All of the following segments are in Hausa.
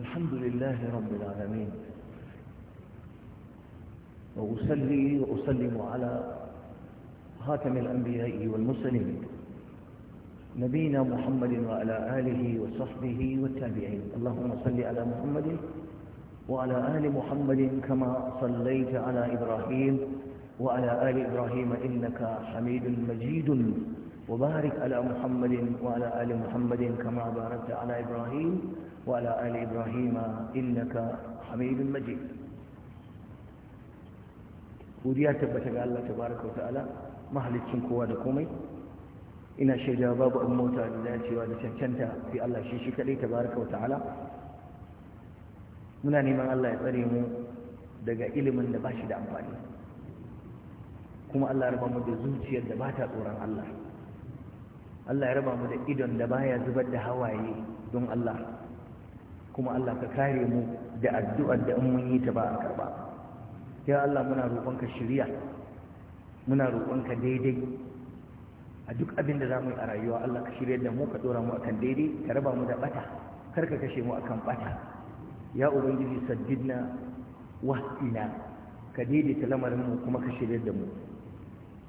الحمد لله رب العالمين وأسلي وأسلم على خاتم الأنبياء والمرسلين نبينا محمد وعلى آله وصحبه والتابعين اللهم صل على محمد وعلى آل محمد كما صليت على إبراهيم وعلى آل إبراهيم إنك حميد مجيد وبارك على محمد وعلى آل محمد كما باركت على إبراهيم وعلى آل إبراهيم إنك حميد مجيد وديا تبتك الله تبارك وتعالى mahalicin kowa da komai ina shaida babu an mota da dacewa da cancanta fi Allah shi shi kadai tabaraka muna neman Allah ya tsare mu daga ilimin da da amfani kuma Allah ya raba mu da zuciyar da ta tsoron Allah Allah ya raba mu da idon da baya zubar da hawaye don Allah kuma Allah ka kare mu da addu'ar da in mun yi ta ba a karba ya Allah muna roƙonka shirya? muna roƙonka daidai a duk abin da za mu yi a rayuwa Allah ka shirya da mu ka ɗora mu akan daidai ka raba mu da ɓata. kar ka kashe mu akan ɓata. ya ubangiji wa ina ka daidaita lamarin mu kuma ka shirya da mu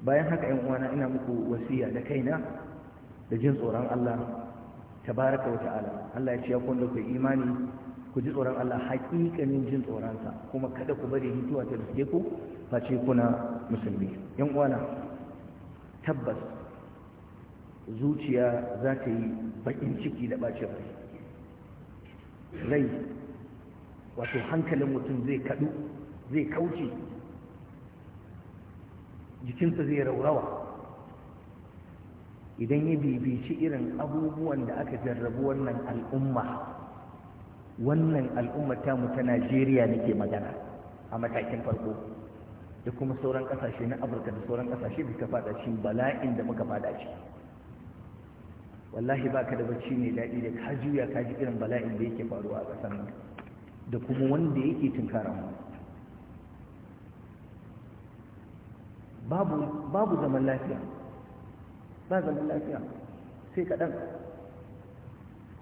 bayan haka yan uwana ina muku wasiya da kaina da jin tsoron Allah tabaraka wa ta'ala Allah ya ce ya kwanda ku imani ku ji tsoron Allah haƙiƙanin jin tsoronsa kuma kada ku bari hituwa ta riske ku face kuna musulmi yan uwana tabbas zuciya za ta yi baƙin ciki da ɓacin rai rai wato hankalin mutum zai kaɗu zai kauce jikinsa zai raurawa idan ya bibici irin abubuwan da aka jarrabu wannan al'umma wannan al'umma ta mu ta najeriya nake magana a matakin farko da kuma sauran kasashe na afirka da sauran kasashe da ta fada cikin bala'in da muka fada ci wallahi baka da bacci mai daɗi da ka juya ka ji irin bala'in da yake faruwa a ƙasar nan da kuma wanda yake tunkara mu babu babu zaman lafiya ba zaman lafiya sai kaɗan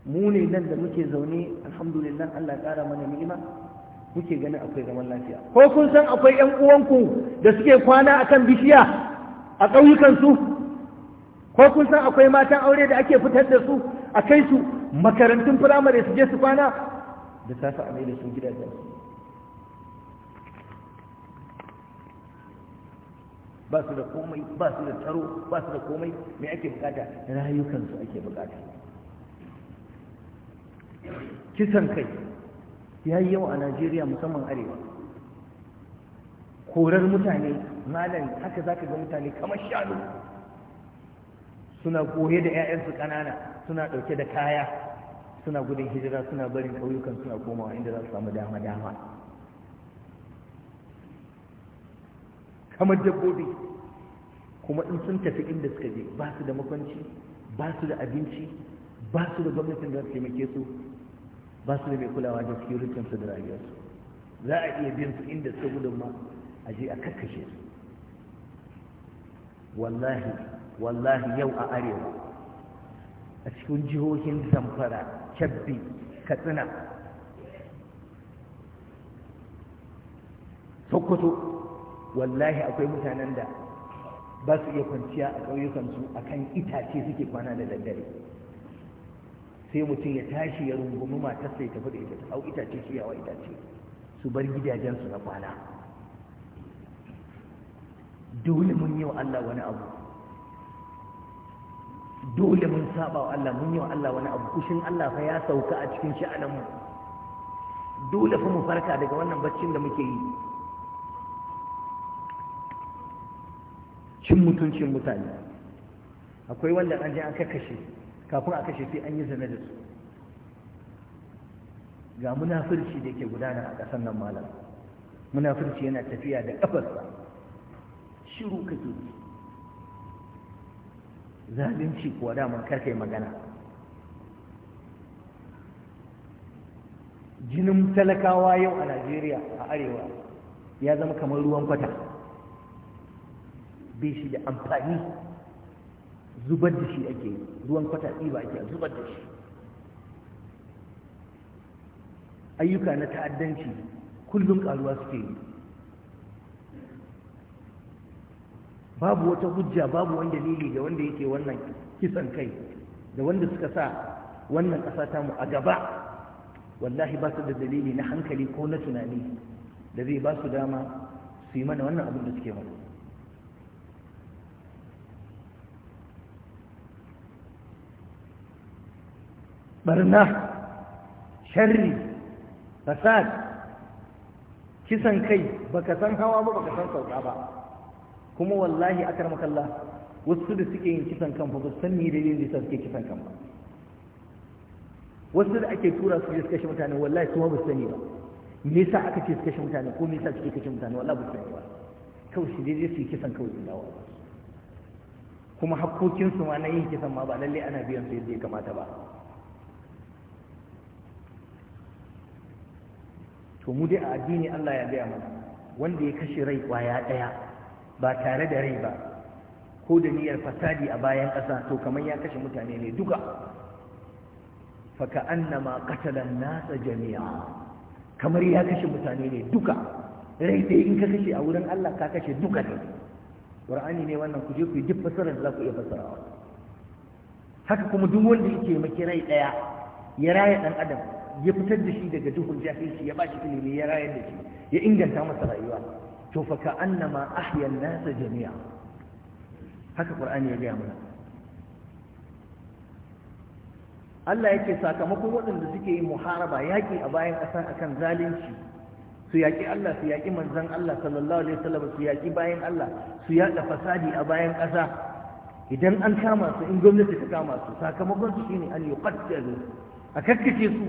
mu nan da muke zaune alhamdulillah Allah ƙara mana ni'ima muke ganin akwai zaman lafiya ko kun san akwai ƴan uwanku da suke kwana akan bishiya a ƙauyukan su ko kun san akwai matan aure da ake fitar da su a kai su makarantun firamare su je su kwana da safe a mai da su gidajensu ba su da komai ba su da taro ba su da komai me ake bukata rayukansu ake bukata kisan kai ya yi yawa a najeriya musamman arewa korar mutane malam haka za ka ga mutane kamar shanu suna goye da 'ya'yansu kanana suna dauke da kaya suna gudun hijira suna barin ƙauyukan suna komawa inda za su samu dama-dama kamar dabbobi kuma in sun tafi inda suka je ba su da makwanci ba su da abinci ba su da gwamnatin da taimake su ba su da mai kulawa da security su da rayuwarsu za a iya bin su inda suka gudun ma a je a kakkashe su wallahi wallahi yau a arewa a cikin jihohin zamfara cabbi katsina sokoto wallahi akwai mutanen da ba su iya kwanciya a ƙauyukansu a kan itace suke kwana da daddare sai mutum ya tashi ya rungumi matarsa ya tafi da ita ta hau itace su yawa itace su bar gidajensu na kwana dole mun yi wa Allah wani abu dole mun saba wa Allah mun yi wa Allah wani abu kushin Allah fa ya sauka a cikin sha'anin mu dole fa mu farka daga wannan baccin da muke yi cin mutuncin mutane akwai wanda an je an kashe kafin a kashe sai an yi zane da su ga munafurci da ke gudana a ƙasar nan malam munafurci yana tafiya da ƙafarsa shiru ka ke zalunci kuwa dama karkai magana jinin talakawa yau a najeriya a arewa ya zama kamar ruwan kwata bai shi da amfani zubar da shi ake ruwan kwata ɗiba ake zubar da shi ayyuka na ta'addanci kullum ƙaruwa suke yi babu wata hujja babu wani dalili da wanda yake wannan kisan kai da wanda suka sa wannan ƙasa tamu a gaba wallahi ba su da dalili na hankali ko na tunani da zai ba su dama su yi mana wannan abin da suke mana barna sharri fasad kisan kai baka san hawa ba baka san sauka ba kuma wallahi akarmakallah wasu da suke yin kisan kan ba san ni dalilin da suke kisan kan ba wasu da ake tura su je su kashe mutane wallahi kuma ba su sani ba me yasa aka ce su kashe mutane ko me yasa suke kashe mutane wallahi ba su sani ba kawai su je su yi kisan kawai su dawo kuma hakkokinsu ma na yin kisan ma ba lallai ana biyan su yadda ya kamata ba to mu dai a addini Allah ya gaya mana wanda ya kashe rai kwaya ɗaya ba tare da rai ba ko da niyyar fasadi a bayan ƙasa to kamar ya kashe mutane ne duka faka annama ƙatalan nasa jami'a kamar ya kashe mutane ne duka rai dai in ka kashe a wurin Allah ka kashe duka ne qur'ani ne wannan ku je ku yi duk fasarar da za ku iya fasarawa haka kuma duk wanda yake maki rai ɗaya ya raya ɗan adam ya fitar da shi daga duhun jahilci ya bashi ilimi ya rayar da shi ya inganta masa rayuwa to fa ka annama ahya nasa jami'a haka qur'ani ya gaya mana Allah yake sakamakon waɗanda suke yin muharaba yaƙi a bayan ƙasar akan zalunci su yaƙi Allah su yaƙi manzon Allah sallallahu alaihi wasallam su yaƙi bayan Allah su yaƙa fasadi a bayan ƙasa idan an kama su in gwamnati ta kama su sakamakon su shine an yuqaddalu a kakkace su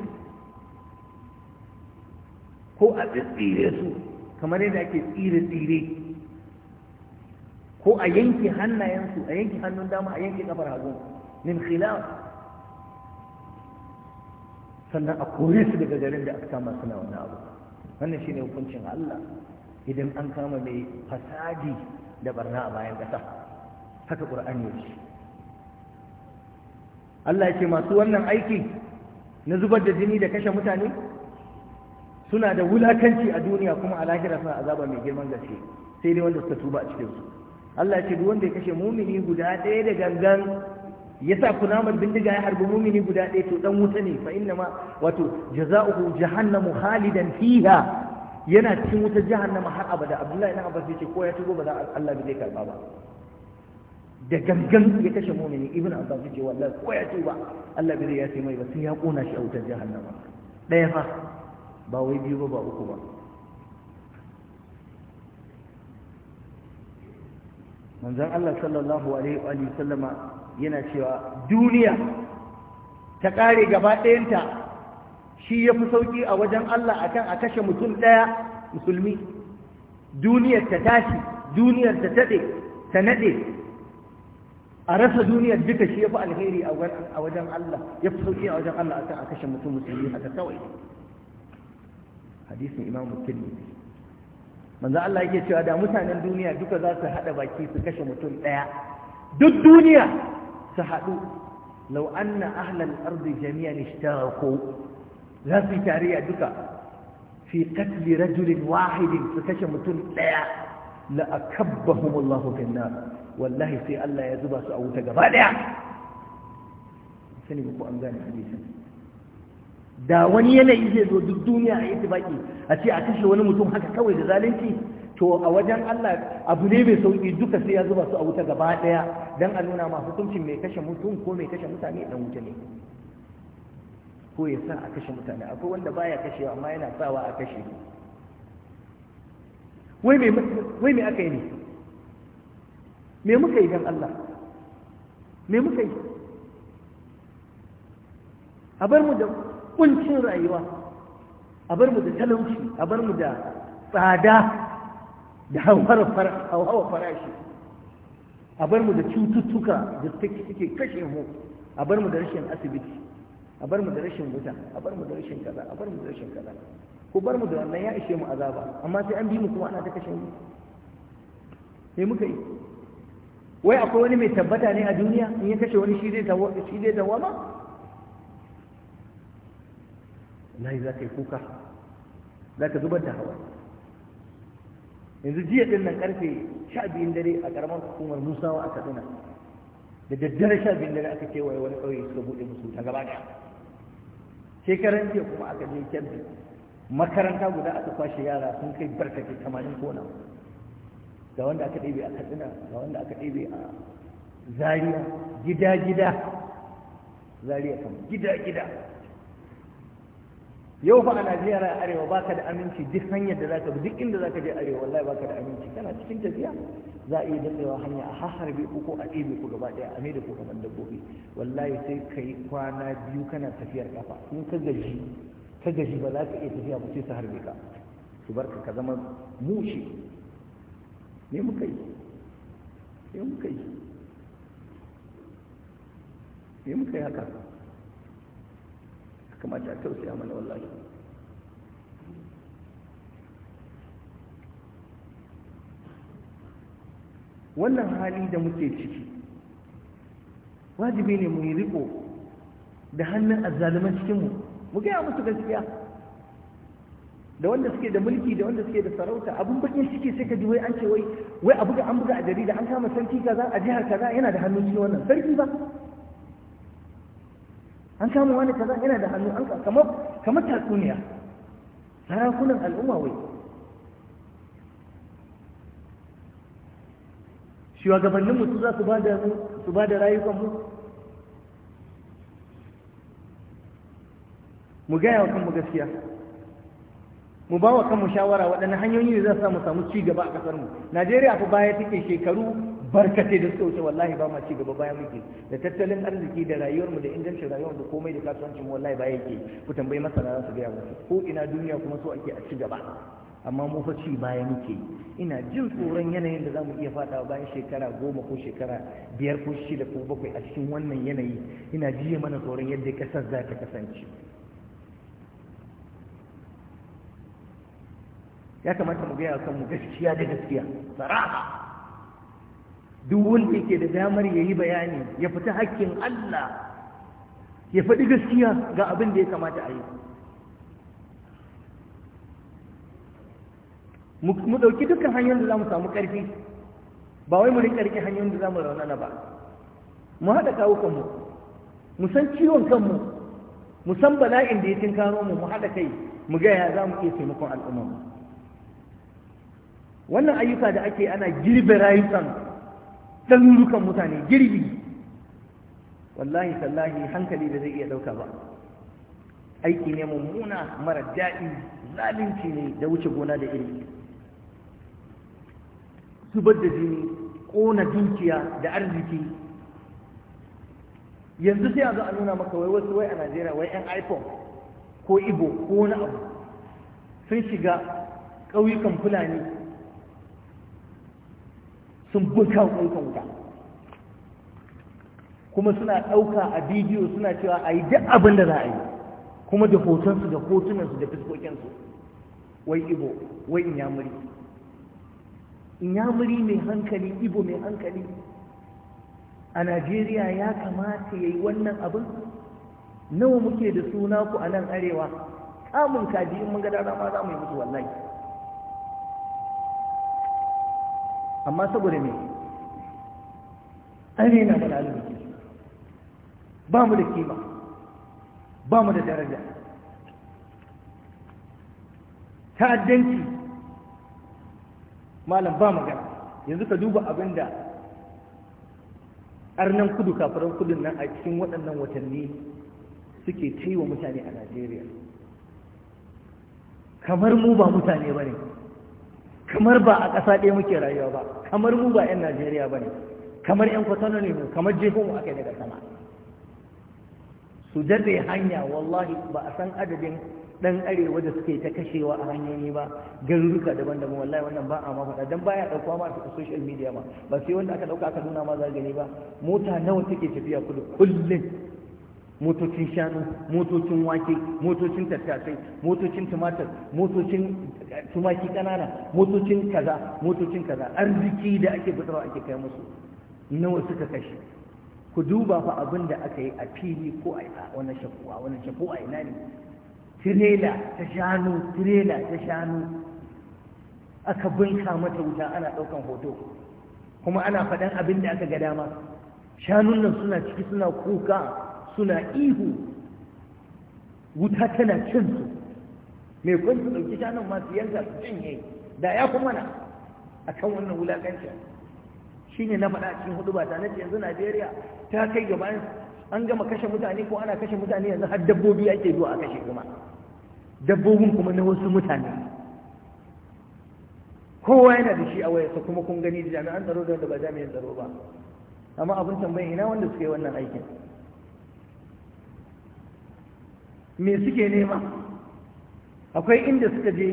ko a tsire su kamar yadda ake tsire tsire ko a yanke hannayensu a yanke hannun dama a yanke kafar hagu min khilaf sannan a kore su daga garin da aka kama suna wani abu wannan shine hukuncin Allah idan an kama mai fasadi da barna a bayan kasa haka ƙur'ani ya ce Allah ya ce masu wannan aiki na zubar da jini da kashe mutane suna da wulakanci a duniya kuma a lahira suna azaba mai girman gaske sai dai wanda suka tuba a cikin su Allah ya ce duk wanda ya kashe mumini guda ɗaya da gangan ya sa kunamar bindiga ya harbi mumini guda ɗaya to dan wuta ne fa inna ma wato jaza'uhu jahannamu khalidan fiha yana cikin wuta jahannama har abada Abdullahi ibn Abbas yace ko ya tuba ba za Allah bai karba ba da gangan ya kashe mumini ibn Abbas yace wallahi ko ya tuba Allah bai ya sai mai ba sai ya kona shi a wutar jahannama ɗaya fa ba wai biyu ba ba uku ba manzon Allah sallallahu alaihi wa sallama yana cewa duniya ta kare gaba ɗayanta shi ya fi sauƙi a wajen Allah akan a kashe mutum ɗaya musulmi duniyar ta tashi duniyar ta taɗe ta naɗe a rasa duniyar duka shi ya fi alheri a wajen Allah ya fi sauƙi a wajen Allah akan a kashe mutum musulmi haka kawai hadisin imam tirmidhi manzo Allah yake cewa da mutanen duniya duka za su hada baki su kashe mutum daya duk duniya su hadu law anna ahlal ardi jami'an ishtaraku za su tariya duka fi qatl rajul wahid su kashe mutum daya la akabbahum Allahu fin wallahi sai Allah ya zuba su a wuta gaba daya sani ku an gane hadisin da wani yanayi zai zo duk duniya a baƙi a ce a kashe wani mutum haka kawai da zalunci to a wajen Allah abu ne mai sauƙi duka sai ya zuba su a wuta gaba ɗaya don a nuna masu hukuncin mai kashe mutum ko mai kashe mutane ɗan wuta ne ko ya sa a kashe mutane akwai wanda baya kashe amma yana sawa a kashe wai me aka yi ne me muka yi don Allah me muka yi a bar mu da kuncin rayuwa a bar mu da talauci a bar mu da tsada da hauhawa farashi a bar mu da cututtuka da suke kashe mu a bar mu da rashin asibiti a bar mu da rashin wuta a bar mu da rashin kaza a bar mu da rashin kaza ko bar mu da wannan ya ishe mu azaba amma sai an bi mu kuma ana ta kashe mu Sai muka yi wai akwai wani mai tabbata ne a duniya in ya kashe wani shi zai dawo shi zai dawo ma wallahi za ka yi kuka za ka zubar da hawa yanzu jiya din nan karfe sha biyun dare a karamar hukumar musawa a kaduna da daddare sha biyun dare aka kewaye wani ƙauye suka buɗe musu ta gaba ɗaya shekaran jiya kuma aka je kyamfi makaranta guda aka kwashe yara sun kai barkatai tamanin kona ga wanda aka ɗebe a katsina ga wanda aka ɗebe a zariya gida-gida zariya kan gida-gida yau fa a najeriya arewa baka da aminci duk hanyar da zaka bi duk inda zaka je arewa wallahi baka da aminci kana cikin tafiya za a iya datsewa hanya a harbe ku ko a ɗebe ku gaba ɗaya a mai da ku kamar dabbobi wallahi sai ka yi kwana biyu kana tafiyar kafa in ka gaji ka gaji ba za ka iya tafiya ba sai su harbe ka su ka ka zama mushi me muka yi me muka yi me muka yi haka kamata a tausaya mana wallahi wannan hali da muke ciki wajibi ne mu yi riko da hannun azzaluman cikinmu mu gaya musu gaskiya da wanda suke da mulki da wanda suke da sarauta abun bakin ciki sai ka ji wai an ce wai wai abu da an buga a jarida an kama sarki kaza a jihar kaza yana da hannun shi wannan sarki ba an kama wani kaza yana da hannu an kamar kamar tatsuniya sarakunan al'umma wai shugabannin mutu za su bada su bada rayukan mu mu gaya wa kanmu gaskiya mu ba wa kanmu shawara waɗanne hanyoyi ne za su samu samu ci gaba a ƙasar mu Najeriya fa baya take shekaru barkatai da suka wuce wallahi ba ma ci gaba bayan muke da tattalin arziki da rayuwarmu da ingancin rayuwar da komai da kasuwancin wallahi baya yake ku tambayi masana za su gaya muku ko ina duniya kuma so ake a ci gaba amma mu fa ci baya muke ina jin tsoron yanayin da za mu iya fadawa bayan shekara goma ko shekara biyar ko shida ko bakwai a cikin wannan yanayi ina jiya mana tsoron yadda kasar za ta kasance ya kamata mu gaya kan mu gaskiya da gaskiya saraha duk wanda yake da damar ya yi bayani ya fita hakkin Allah ya faɗi gaskiya ga abin da ya kamata a yi mu ɗauki dukkan hanyoyin da za mu samu ƙarfi ba wai mu rinka riƙe hanyoyin da za mu raunana ba mu haɗa kawo kanmu mu san ciwon kanmu mu san bala'in da ya tinkaro mu mu haɗa kai mu ga ya za mu iya taimakon al'umma wannan ayyuka da ake ana girbe rayukan ɗarurukan mutane girbi wallahi sallahi hankali da zai iya ɗauka ba aiki ne mummuna mara daɗi zalunci ne da wuce gona da iri zubar da jini ƙona dukiya da arziki yanzu sai a zo a nuna maka wai wasu wai a najeriya wai yan iphone ko ibo ko wani abu sun shiga ƙauyukan fulani sun buka ɗaukan wuta kuma suna ɗauka a bidiyo suna cewa a yi duk abin da za a yi kuma da hotonsu da hotunansu da fiskokinsu wai ibo wai inyamuri inyamuri mai hankali ibo mai hankali a najeriya ya kamata ya yi wannan abin nawa muke da suna ku a nan arewa kamun kaji in mun gada rama za mu yi musu wallahi amma saboda me an na mana alimi ba mu da kima ba mu da daraja ta'addanci malam ba magana yanzu ka duba abin da arnan kudu kafaran kudun nan a cikin waɗannan watanni suke ta mutane a najeriya kamar mu ba mutane ba ne kamar ba a ƙasa ɗaya muke rayuwa ba kamar mu ba 'yan najeriya ba ne kamar 'yan kwatano ne mu kamar jefo mu aka daga sama su daɗe hanya wallahi ba a san adadin ɗan arewa da suke ta kashewa a hanyoyi ba garuruka daban-daban wallahi wannan ba a ma faɗa don baya ɗaukuwa ma a social media ma ba sai wanda aka ɗauka aka nuna ma za ba mota nawa take tafiya kudu kullum motocin shanu motocin wake motocin tattasai motocin tumatir motocin eh, tumaki kanana motocin kaza motocin kaza arziki da ake fitarwa ake kai musu nawa suka kashe ku duba fa abin da aka yi a fili ko a wani shafuwa wani shafuwa ina ne tirela ta shanu tirela ta shanu aka binka mata wuta ana ɗaukan hoto kuma ana faɗan abin da aka ga dama shanun nan suna ciki suna kuka suna ihu wuta tana cin su mai kwan su ɗauki shanun masu yanka su cinye da ya kuma na a kan wannan wulaƙanci shi ne na faɗa cikin hudu ba tare yanzu najeriya ta kai gaba an gama kashe mutane ko ana kashe mutane yanzu har dabbobi ake zuwa a kashe kuma dabbobin kuma na wasu mutane kowa yana da shi a wayarsa kuma kun gani da jami'an tsaro da wanda ba jami'an tsaro ba amma abin tambayi ina wanda suka yi wannan aikin me suke nema akwai inda suka je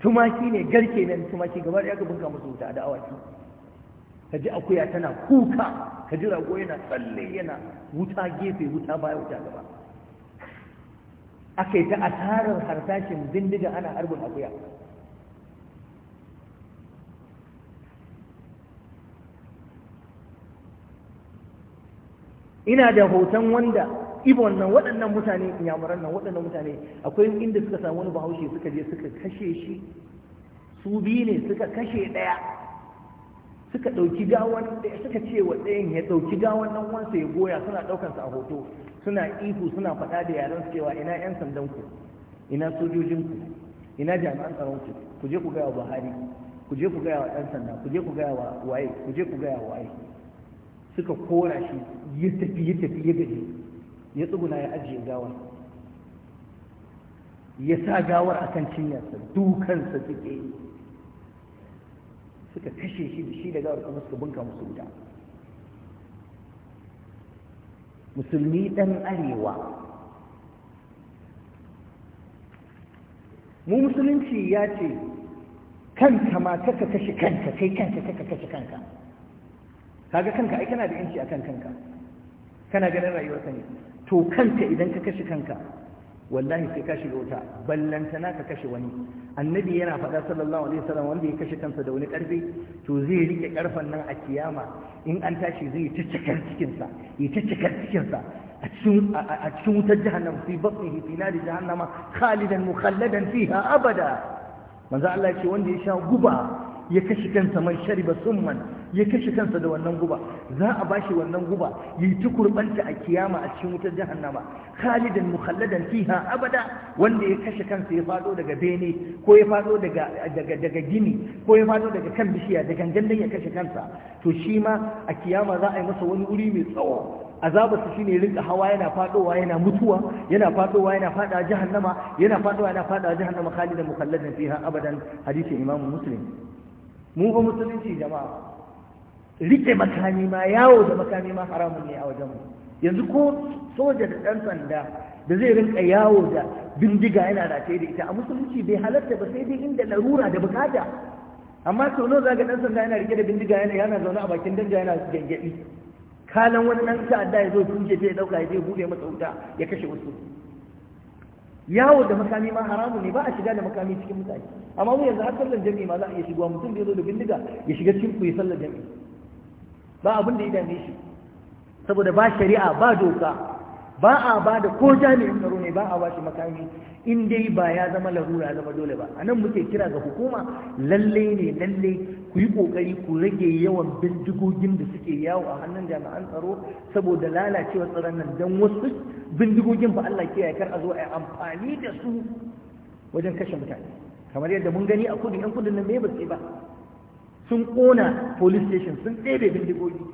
tumaki ne garke ne tumaki gaba ya gabin ka musu wuta da awaki ka ji akuya tana kuka ka ji rago yana tsalle yana wuta gefe wuta baya wuta gaba aka yi ta asarar harsashin bindiga ana harbin akuya ina da hoton wanda ibon nan waɗannan mutane inyamuran nan waɗannan mutane akwai inda suka samu wani bahaushe suka je suka kashe shi su biyu ne suka kashe ɗaya suka ɗauki gawan ɗaya suka ce wa ɗayan ya ɗauki gawan nan wansa ya goya suna sa a hoto suna ihu suna faɗa da yaran su cewa ina sandan sandanku ina sojojinku ina jami'an tsaron ku je ku gaya wa buhari ku je ku gaya wa ɗan sanda ku je ku gaya wa waye ku je ku gaya wa waye suka kora shi ya tafi ya tafi ya gaji ya tsuguna ya ajiye gawar ya sa gawar a kan cinyarsa dukansa suke yi suka kashe shi da shi da gawar kuma suka bunka musu wuta musulmi ɗan arewa mu musulunci ya ce kanka ma kaka kashe kanka kai kanka kaka kashe kanka kaga kanka ai kana da yanci akan kanka kana ganin rayuwar ne to kanka idan ka kashe kanka wallahi sai ka shiga wuta ballantana ka kashe wani annabi yana faɗa sallallahu alaihi wasallam wanda ya kashe kansa da wani ƙarfi to zai rike ƙarfan nan a kiyama in an tashi zai yi cikar cikin sa ya ta cikin sa a cikin wutar jahannam fi batnihi fi nari jahannama khalidan mukhalladan fiha abada manzo Allah ya ce wanda ya sha guba ya kashe kansa man shariba summan ya kashe kansa da wannan guba za a bashi wannan guba yi ta kurbanta a kiyama a cikin wutar jahannama khalidan mukhalladan fiha abada wanda ya kashe kansa ya fado daga bene ko ya fado daga daga daga gini ko ya fado daga kan bishiya da gangan ya kashe kansa to shi ma a kiyama za a yi masa wani wuri mai tsawo su shine rinka hawa yana fadowa yana mutuwa yana fadowa yana fada jahannama yana fadowa yana fada jahannama khalidan mukhalladan fiha abadan hadisi imamu muslim Mun ba musulunci jama'a rike makami ma yawo da makami ma haramun ne a wajen mu yanzu ko soja da ɗan sanda da zai rinka yawo da bindiga yana da da ita a musulunci bai halarta ba sai dai inda larura da bukata amma sau nawa zaga ɗan sanda yana rike da bindiga yana yana zaune a bakin danja yana gyangyaɗi kalan wani ɗan ta'adda ya zo tun jefe ya ɗauka ya je buɗe masa wuta ya kashe wasu yawo da makami ma haramu ne ba a shiga da makami cikin mutane amma mu yanzu har sallar jami'i ma za a iya shigowa mutum da ya zo da bindiga ya shiga cikin ku ya sallar jami'i ba abin da ya dame shi saboda ba shari'a ba doka ba a ba da ko jami'in tsaro ne ba a ba shi makami in dai ba ya zama larura zama dole ba a nan muke kira ga hukuma lalle ne lalle ku yi kokari ku rage yawan bindigogin da suke yawo a hannun jami'an tsaro saboda lalacewar tsaron nan don wasu bindigogin ba Allah kiyaye kar a zo a yi amfani da su wajen kashe mutane kamar yadda mun gani a kudu yan kudin nan me ba ba sun kona police station sun ɗebe bindigogi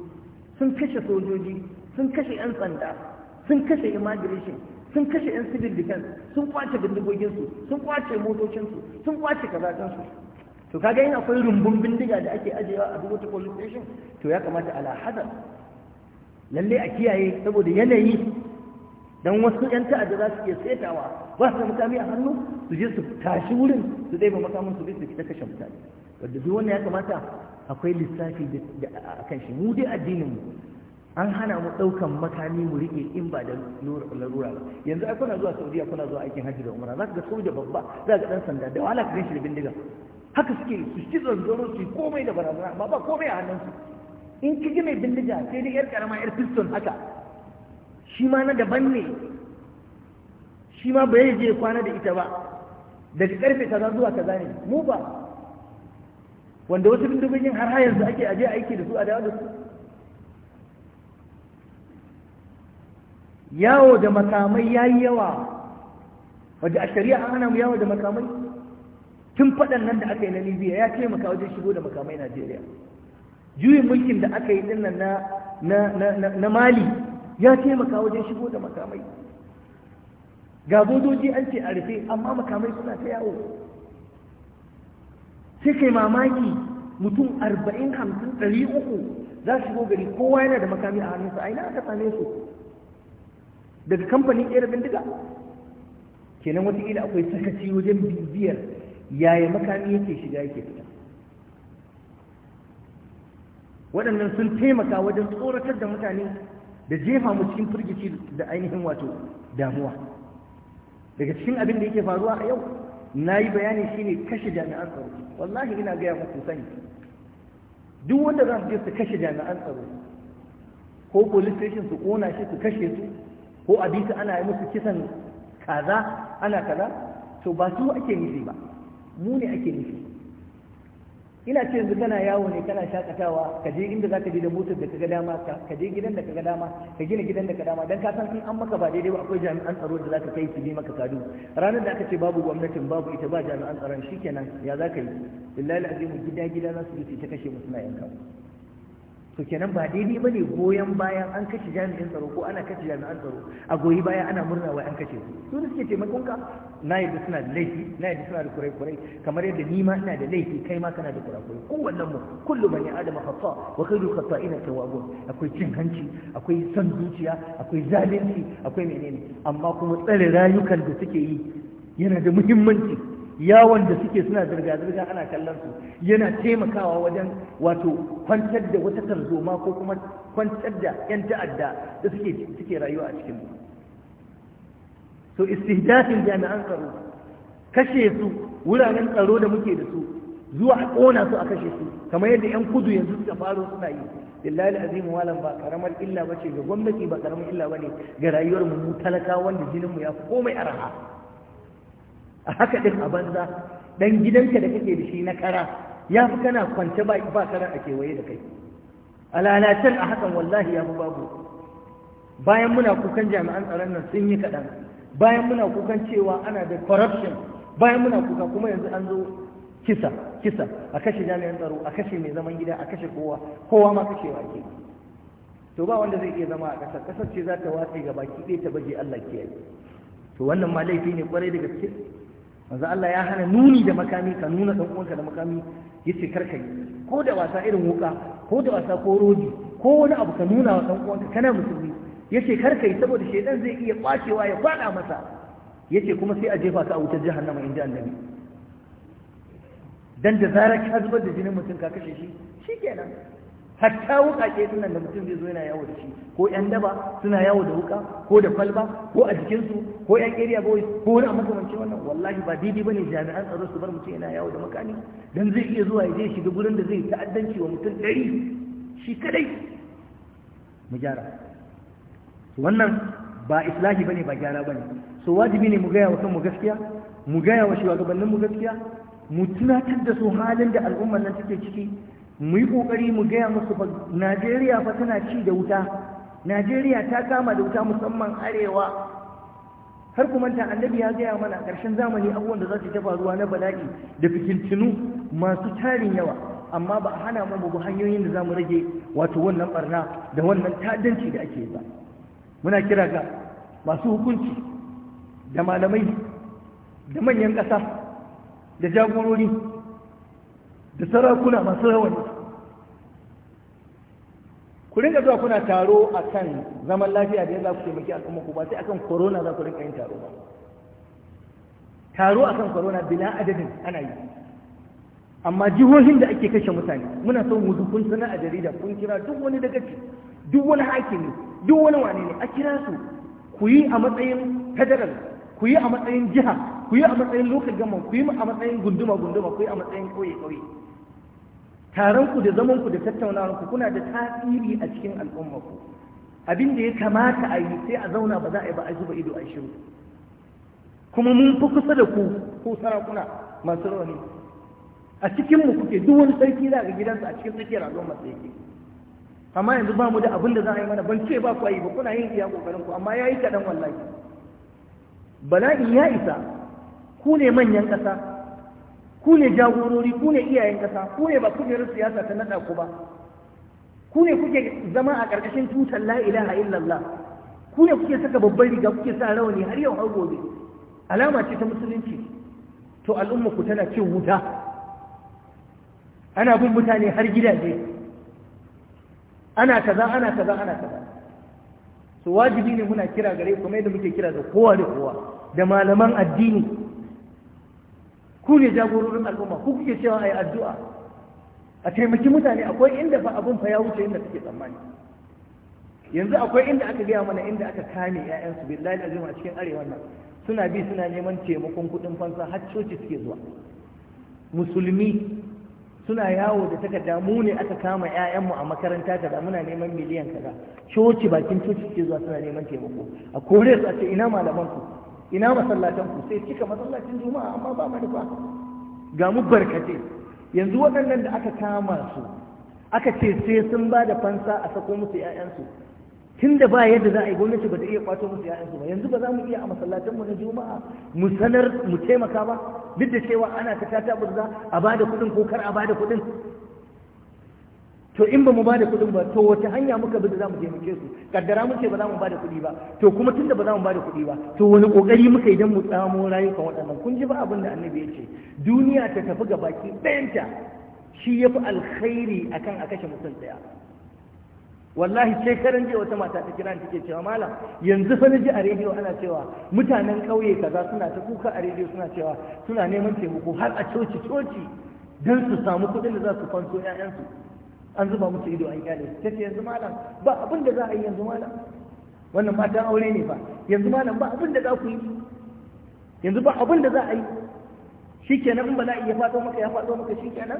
sun kashe sojoji sun kashe 'yan sanda sun kashe immigration sun kashe yan civil defense sun kwace bindigoginsu sun kwace motocinsu sun kwace kazakansu to kaga yin akwai rumbun bindiga da ake ajiyewa a duk wata police station to ya kamata ala hadar lalle a kiyaye saboda yanayi dan wasu yan ta'adda za su iya setawa ba su da mutane a hannu su je su tashi wurin su ba makamin su su ta kashe mutane wanda duk wannan ya kamata akwai lissafi da akan shi mu dai addinin mu an hana mu ɗaukan makami mu riƙe in ba da larura ba yanzu ai kuna zuwa saudiya kuna zuwa aikin hajji da umara za ka ga soja babba za ka ɗan sanda da wahala ka shi da bindiga haka suke su ci zanzaro su komai da barazana amma ba komai a hannunsu in ki ji mai bindiga sai dai yar karama yar piston haka shi ma na daban ne shi ma ba yaje je kwana da ita ba daga karfe kaza zuwa kaza ne mu ba wanda wasu bindigogin har har yanzu ake aje aiki da su a dawo da su yawo da makamai ya yi yawa wadda a shari'a ana mu yawo da makamai tun faɗan nan da aka yi na libya ya maka wajen shigo da makamai najeriya juyin mulkin da aka yi dinnan na mali ya maka wajen shigo da makamai ga bodoji an ce a rufe amma makamai suna ta yawo sai kai mamaki mutum arba'in hamsin ɗari uku za su shigo gari kowa yana da makami a hannunsa a ina aka same su daga kamfanin ƙera bindiga kenan wataƙila akwai sakaci wajen bibiyar yaya makami yake shiga yake fita waɗannan sun taimaka wajen tsoratar da mutane da jefa mu cikin firgici da ainihin wato damuwa daga cikin abin da yake faruwa a yau na yi bayani shi ne kashe jami'an tsaro wallahi ina gaya muku sani duk wanda za su je su kashe jami'an tsaro ko police station su kona shi su kashe su ko a bisa ana yi musu kisan kaza ana kaza to ba su ake nufi ba mu ne ake nufi ina ce yanzu kana yawo ne kana shakatawa ka je inda za ka je da motar da kaga dama ka je gidan da kaga dama ka gina gidan da ka dama dan kasan san in an maka ba daidai ba akwai jami'an tsaro da za ka kai su bi maka kadu ranar da aka ce babu gwamnatin babu ita ba jami'an tsaron shikenan ya za ka yi billahi azimu gida gida za su yi ta kashe musu na yanka to kenan ba daidai ba ne goyon bayan an kashe jami'in tsaro ko ana kashe jami'an tsaro a goyi bayan ana murna wai an kashe su su suke taimakon ka na yadda suna da laifi na yadda suna da kurai-kurai kamar yadda ni ma ina da laifi kai ma kana da kurakurai kurai kowannen mu kullu bani adama khata wa ina khata'ina tawwabun akwai cin hanci akwai son zuciya akwai zalunci akwai menene amma kuma tsare rayukan da suke yi yana da muhimmanci yawon da suke suna zirga-zirga ana kallon su yana taimakawa wajen wato kwantar da wata tarzoma ko kuma kwantar da 'yan ta'adda da suke rayuwa a cikin so istihdafin jami'an tsaro kashe su wuraren tsaro da muke da su zuwa a su a kashe su kamar yadda 'yan kudu yanzu suka faro suna yi lillahi azimu walan ba karamar illa bace ga gwamnati ba karamar illa bane ga rayuwar mu talaka wanda jinin mu ya komai araha a haka ɗin a banza ɗan gidanka da kake da shi na kara ya fi kana kwance ba ba kara a kewaye da kai a lalatar a hakan wallahi ya fi babu bayan muna kukan jami'an tsaron nan sun yi kaɗan bayan muna kukan cewa ana da corruption bayan muna kuka kuma yanzu an zo kisa kisa a kashe jami'an tsaro a kashe mai zaman gida a kashe kowa kowa ma kashewa ke to ba wanda zai iya zama a ƙasar ƙasar ce za ta watsi ga baki ɗaya ta baje Allah kiyaye to wannan ma laifi ne kwarai da gaske manzo Allah ya hana nuni da makami ka nuna dan uwanka da makami yace ka yi ko da wasa irin wuka ko da wasa ko rodi ko wani abu ka nuna wa dan uwanka kana musulmi yace ka yi saboda shedan zai iya kwacewa ya kwada masa yace kuma sai a jefa ka a wutar jahannama inda annabi dan da zarar ka zubar da jinin mutum ka kashe shi shikenan hatta wukake suna da mutum zai zo yana yawo da shi ko yan daba suna yawo da wuka ko da kwalba ko a jikinsu ko yan area boys ko wani a makamancin wannan wallahi ba daidai bane jami'an tsaro su bar mutum yana yawo da makami dan zai iya zuwa ya je shiga gurin da zai ta'addanci wa mutum ɗari shi kadai mu gyara wannan ba islahi ne, ba gyara bane so wajibi ne mu gaya wa kanmu gaskiya mu gaya wa shugabanninmu gaskiya mu tunatar da su halin da al'ummar nan take ciki mu yi ƙoƙari mu gaya musu ba najeriya fa tana ci da wuta najeriya ta kama da wuta musamman arewa har kuma ta annabi ya gaya mana a ƙarshen zamani abubuwan da za su ta faruwa na bala'i da fikintinu masu tarin yawa amma ba a hana mu bugu hanyoyin da za mu rage wato wannan barna da wannan ta'addanci da ake ba muna kira ga masu hukunci da malamai da manyan ƙasa da jagorori da sarakuna masu rawani ku rinka zuwa kuna taro a kan zaman lafiya da yadda ku taimaki al'umma ku ba sai akan corona za ku rinka yin taro ba taro akan corona bila adadin ana yi amma jihohin da ake kashe mutane muna son mu kun sana a jarida kun kira duk wani ci duk wani hakimi duk wani wane ne a kira su ku yi a matsayin federal ku yi a matsayin jiha ku yi a matsayin local government ku yi a matsayin gunduma gunduma ku yi a matsayin ƙauye-ƙauye. taron ku da zaman ku da tattaunawar ku kuna da tasiri a cikin al'umma ku abin da ya kamata a yi sai a zauna ba za a yi ba a ba ido a shiru kuma mun fi kusa da ku ko sarakuna masu rauni a cikin kuke duk wani sarki za ga gidansa a cikin tsakiyar al'umma sai yake amma yanzu ba mu da abin da za a yi mana ban ce ba ku yi ba kuna yin iya kokarin ku amma yayi kaɗan wallahi bala'i ya isa ku ne manyan ƙasa ku ne jagorori ku ne iyayen ƙasa ku ne ba kujerar siyasa ta nada ku ba ku ne kuke zama a ƙarƙashin tutar la ilaha illallah ku ne kuke saka babban riga kuke sa rawani har yau har gobe alama ce ta musulunci to al'umma ku tana cin wuta ana bin mutane har gidaje ana kaza ana kaza ana kaza su wajibi ne muna kira gare kuma yadda muke kira da kowa da kowa da malaman addini ku ne jagororin al'umma ku kuke cewa a yi addu'a a taimaki mutane akwai inda ba abun fa ya wuce inda suke tsammani yanzu akwai inda aka gaya mana inda aka kame 'ya'yansu billahi azim a cikin arewa nan suna bi suna neman taimakon kuɗin fansa har coci suke zuwa musulmi suna yawo da takarda mu ne aka kama 'ya'yanmu a makaranta kaza muna neman miliyan kaza coci bakin coci suke zuwa suna neman taimako a kore su a ce ina malaman ku ina masallatan ku sai cika masallacin juma'a amma ba manufa ga mu barkace yanzu waɗannan da aka kama su aka ce sai sun ba da fansa a sako musu 'ya'yansu tun da ba yadda za a yi gwamnati ba ta iya kwato musu 'ya'yansu ba yanzu ba za mu iya a masallatanmu na juma'a mu sanar mu taimaka ba duk da cewa ana ta tata burza a bada da kuɗin ko kar a bada da kuɗin to in ba mu ba da kuɗin ba to wata hanya muka bi da za mu taimake su kaddara muke ba za mu ba da kuɗi ba to kuma tun da ba za mu ba da kuɗi ba to wani ƙoƙari muka idan mu tsamo rayukan waɗannan kun ji ba abin da annabi ya ce duniya ta tafi ga baki ɗayanta shi ya fi alkhairi akan a kashe mutum ɗaya wallahi sai karin jiya wata mata ta kira take cewa malam yanzu fa ji a rediyo ana cewa mutanen ƙauye kaza suna ta kuka a rediyo suna cewa suna neman taimako har a coci coci don su samu kuɗin da za su fanto 'ya'yansu an zuba musu ido an kyale ta ce yanzu malam ba abin da za a yi yanzu malam wannan matan aure ne fa yanzu malam ba abin da za ku yi yanzu ba abin da za a yi shikenan in bala'i ya fado maka ya fado maka shikenan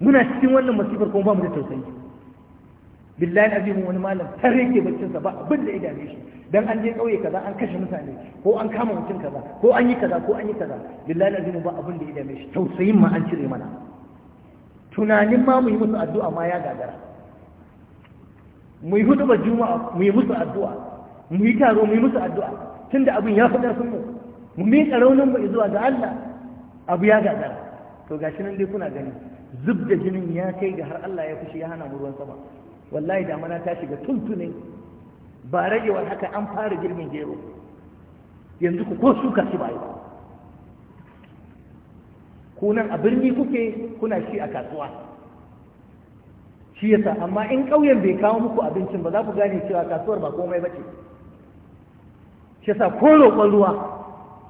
muna cikin wannan masifar kuma ba mu da tausayi billahi azim wani malam tare yake baccin sa ba abin da ya dame shi dan an je kauye kaza an kashe mutane ko an kama mutum kaza ko an yi kaza ko an yi kaza billahi azim ba abin da ya dame shi tausayin ma an cire mana tunanin ma mu yi musu addu'a ma ya gagara mu yi hudu juma'a mu yi musu addu'a mu yi taro mu yi musu addu'a tunda abin ya fi sun mu mu mai raunin mu zuwa ga Allah abu ya gagara to gashi nan dai kuna gani zub da jinin ya kai ga har Allah ya fushi ya hana mu ruwan sama wallahi da mana ta shiga tuntune ba ragewar haka an fara girmin gero yanzu ku ko shuka shi ba yi ba kunan a birni kuke kuna shi a kasuwa shi yasa amma in ƙauyen bai kawo muku abincin ba za ku gane cewa kasuwar ba komai ba ce shi yasa ko roƙon ruwa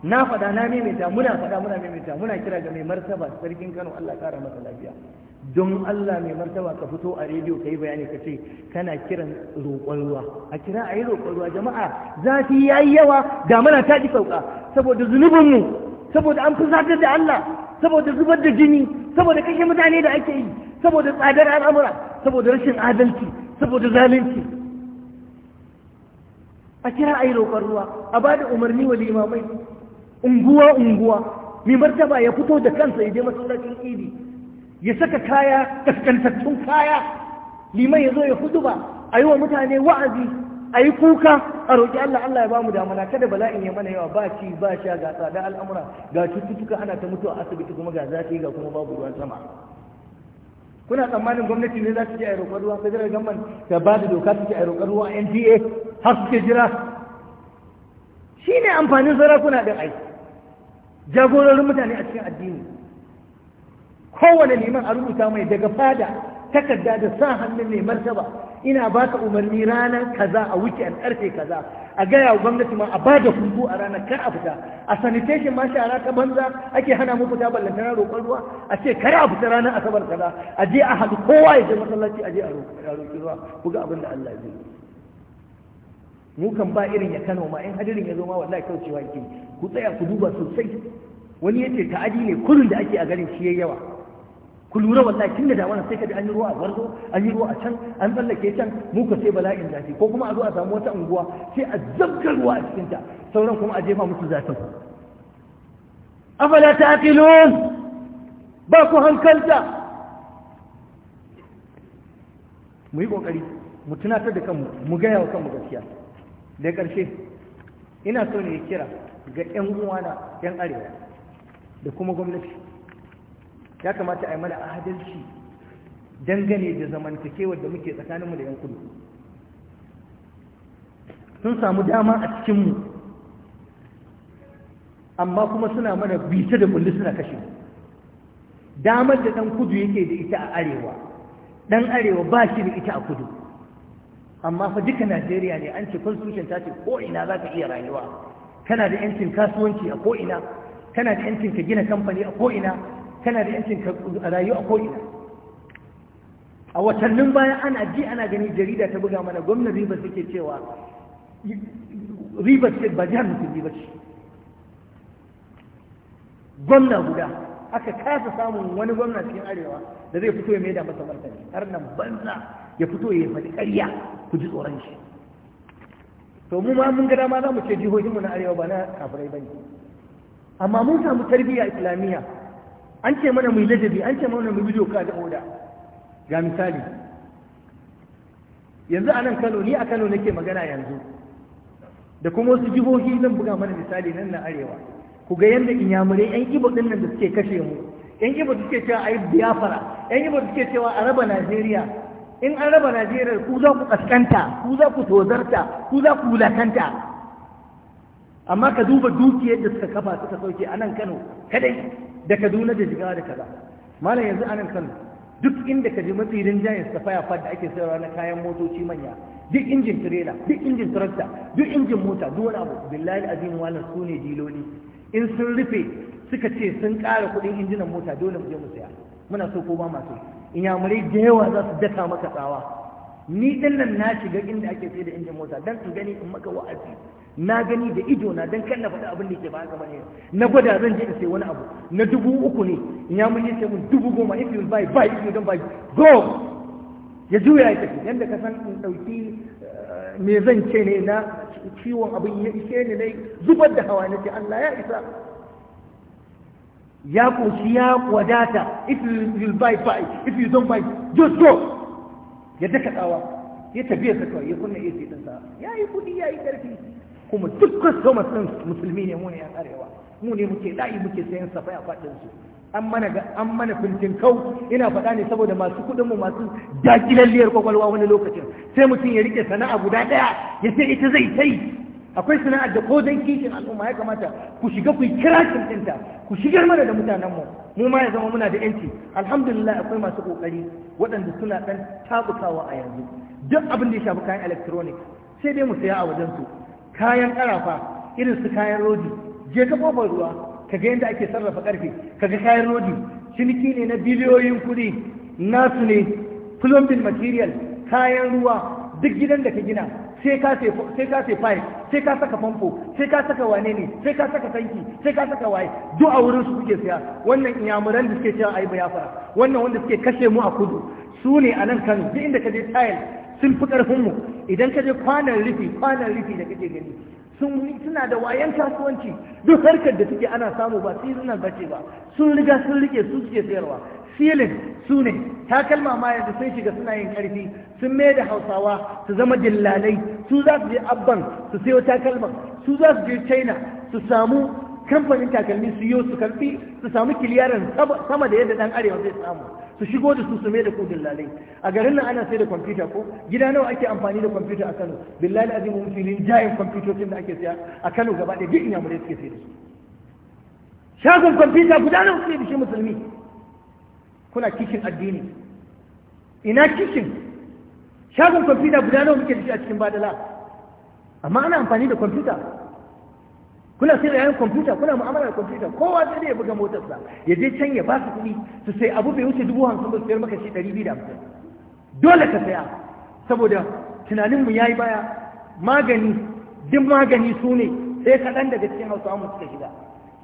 na faɗa na maimaita muna faɗa muna maimaita muna kira ga mai martaba sarkin Kano Allah ƙara masa lafiya don Allah mai martaba ka fito a rediyo ka yi bayani ka ce kana kiran roƙon ruwa a kira a yi roƙon ruwa jama'a zafi ya yi yawa damana ta taɗi sauka saboda zunubinmu saboda an fi zagar da Allah saboda zubar da jini saboda kashe mutane da ake yi saboda tsadar al'amura saboda rashin adalci saboda zalunci a kira a yi roƙon ruwa a ba da umarni wa limamai unguwa unguwa mai martaba ya fito da kansa ya je masallacin idi ya saka kaya kaskantattun kaya liman ya zo ya hudu ba a yi wa mutane wa'azi a yi kuka a roƙi Allah Allah ya ba mu damana kada bala'in ya mana yawa ba ci ba sha ga tsada al'amura ga cututtuka ana ta mutuwa asibiti kuma ga zafi ga kuma babu ruwan sama kuna tsammanin gwamnati ne za su ce a roƙar ruwa federal government ta ba da doka su ce a roƙar ruwa NTA har suke jira shi ne amfanin sarakuna da ai jagororin mutane a cikin addini kowane neman a rubuta mai daga fada takarda da sa hannun ne martaba ina baka umarni ranar kaza a wuce an karfe kaza a gaya wa gwamnati ma a ba da a ranar kar a fita a sanitation ma shara ta banza ake hana mu fita ballanta roƙon ruwa a ce kar a fita ranar asabar kaza a je a haɗu kowa ya je masallaci a je a roƙi ruwa ku ga abin da Allah zai mu kan ba irin ya Kano ma in hadirin ya zo ma wallahi kaucewa yake ku tsaya ku duba sosai wani yace ta'adi ne kurin da ake a garin shi yayi yawa ku lura wallahi tun da damana sai ka ji an yi ruwa a gwarzo an yi ruwa a can an tsallake can mu ka sai bala'in zafi ko kuma a zo a samu wata unguwa sai a zabka ruwa a ta sauran kuma a jefa musu zafin afala taqilun ba ku hankalta mu yi kokari mu tunatar da kanmu mu gaya wa kanmu gaskiya da ƙarshe ina so ne yi kira ga 'yan uwana 'yan arewa da kuma gwamnati ya kamata a yi mana adalci dangane da zamantakewar da muke tsakaninmu da 'yan kudu sun samu dama a cikinmu amma kuma suna mana bita da kulli suna kashe damar da ɗan kudu yake da ita a arewa ɗan arewa ba shi da ita a kudu amma fa duka najeriya ne an ce constitution ta ce ko'ina za ka iya rayuwa kana da 'yancin kasuwanci a ko'ina kana da 'yancin ka gina kamfani a ko'ina kana da yankin ka rayu a ko'ina a watannin baya ana ji ana gani jarida ta buga mana gwamnan ribar suke cewa ribar ce ba jihar musulmi ba ce gwamna guda aka kasa samun wani gwamna cikin arewa da zai fito ya mai da masa martani har nan banza ya fito ya faɗi ƙarya ku ji tsoron shi to mu ma mun gada ma za mu ce jihohinmu na arewa ba na kafirai ba ne amma mun samu tarbiyya islamiyya an ce mana mai ladabi an ce mana mai bidiyo ka da oda ga misali yanzu a nan kano ni a kano nake magana yanzu da kuma wasu jihohi zan buga mana misali nan na arewa ku ga yadda inyamurai yan ibo din nan da suke kashe mu yan ibo suke cewa a yi biyafara yan ibo suke cewa a raba najeriya in an raba najeriya ku za ku kaskanta ku za ku tozarta ku za ku wulakanta amma ka duba dukiyar da suka kafa suka sauke a nan kano kadai da kaduna da jigawa da kaza malam yanzu anan kan duk inda ka je matsirin jayin safaya fad da ake sayarwa na kayan motoci manya duk injin tirela duk injin tarakta duk injin mota duk wani abu billahi azim malam su ne diloli in sun rufe suka ce sun ƙara kuɗin injinan mota dole mu je mu saya muna so ko ba masu inyamurai da yawa za su daka maka tsawa ni din nan na shiga inda ake sai da injin mota dan in gani in maka wa'azi na gani da ido na dan kan na faɗa abin da ke ba haka bane na gwada zan je sai wani abu na dubu uku ne in ya mun yace mun dubu goma if you buy buy if you don't buy go ya juya ya tafi yanda ka san in dauki eh, me zan ce ne na ciwon abin ya ishe ni ne zubar da hawa nace Allah ya isa ya kunshi ya wadata if you buy buy if you don't buy just go ya daka tsawa ya tafi ya kawai ya kunna AC din sa yayi kudi yayi karfi kuma duk customers ɗin musulmi ne mu ne arewa mu ne muke layi muke sayan safai a faɗin su an mana an mana fintin kau ina faɗa ne saboda masu kuɗin mu masu liyar kwakwalwa wani lokacin sai mutum ya rike sana'a guda ɗaya ya ce ita zai tai akwai sana'ar da ko dan kishin al'umma ya kamata ku shiga ku kira kirashin ɗinta ku shigar mana da mutanen mu mu ma ya zama muna da yanci alhamdulillah akwai masu kokari waɗanda suna ɗan tabukawa a yanzu duk abin da ya shafi kayan electronic sai dai mu saya a wajen su kayan ƙarafa irin su kayan rodi je ka kofar ruwa ka ga yadda ake sarrafa ƙarfe ka ga kayan rodi ciniki ne na biliyoyin kuɗi nasu ne plumbing material kayan ruwa duk gidan da ka gina sai ka sai pipe sai ka saka famfo sai ka saka wane ne sai ka saka tanki sai ka saka waye duk a wurin su kuke siya wannan inyamuran da suke cewa ayi bayafara wannan wanda suke kashe mu a kudu su ne a nan kano duk inda ka je tile sun fi ƙarfinmu idan ka je kwanan rufi kwanan rufi da kake gani suna da wayan kasuwanci duk harkar da suke ana samu ba sirrinan ba ce ba sun riga sun rike su suke sayarwa silin su ne takalma ma yanzu sun shiga suna yin ƙarfi sun mai da hausawa su zama dillalai su za su je abban su sayo takalma su za su je china su samu kamfanin takalmi su yi su karfi su samu kiliyarin sama da yadda dan arewa zai samu su shigo da su su mai da ku dillalai a garin nan ana sai da kwamfuta ko gida nawa ake amfani da kwamfuta a Kano billahi azim mun filin jayin kwamfutocin da ake siya a Kano gaba ɗaya duk inyamurai suke sai da su shagon kwamfuta guda nawa suke da shi musulmi kuna kishin addini ina kishin shagon kwamfuta guda nawa muke da shi a cikin badala amma ana amfani da kwamfuta kuna sai da yayin kwamfuta kuna mu'amala da kwamfuta kowa zai da ya buga motarsa ya je can ya ba su kuɗi su sai abu bai wuce dubu hamsin ba su sayar maka shi ɗari biyu da hamsin dole ka saya saboda tunaninmu ya yi baya magani duk magani su ne sai kaɗan daga cikin hausa mu suka shiga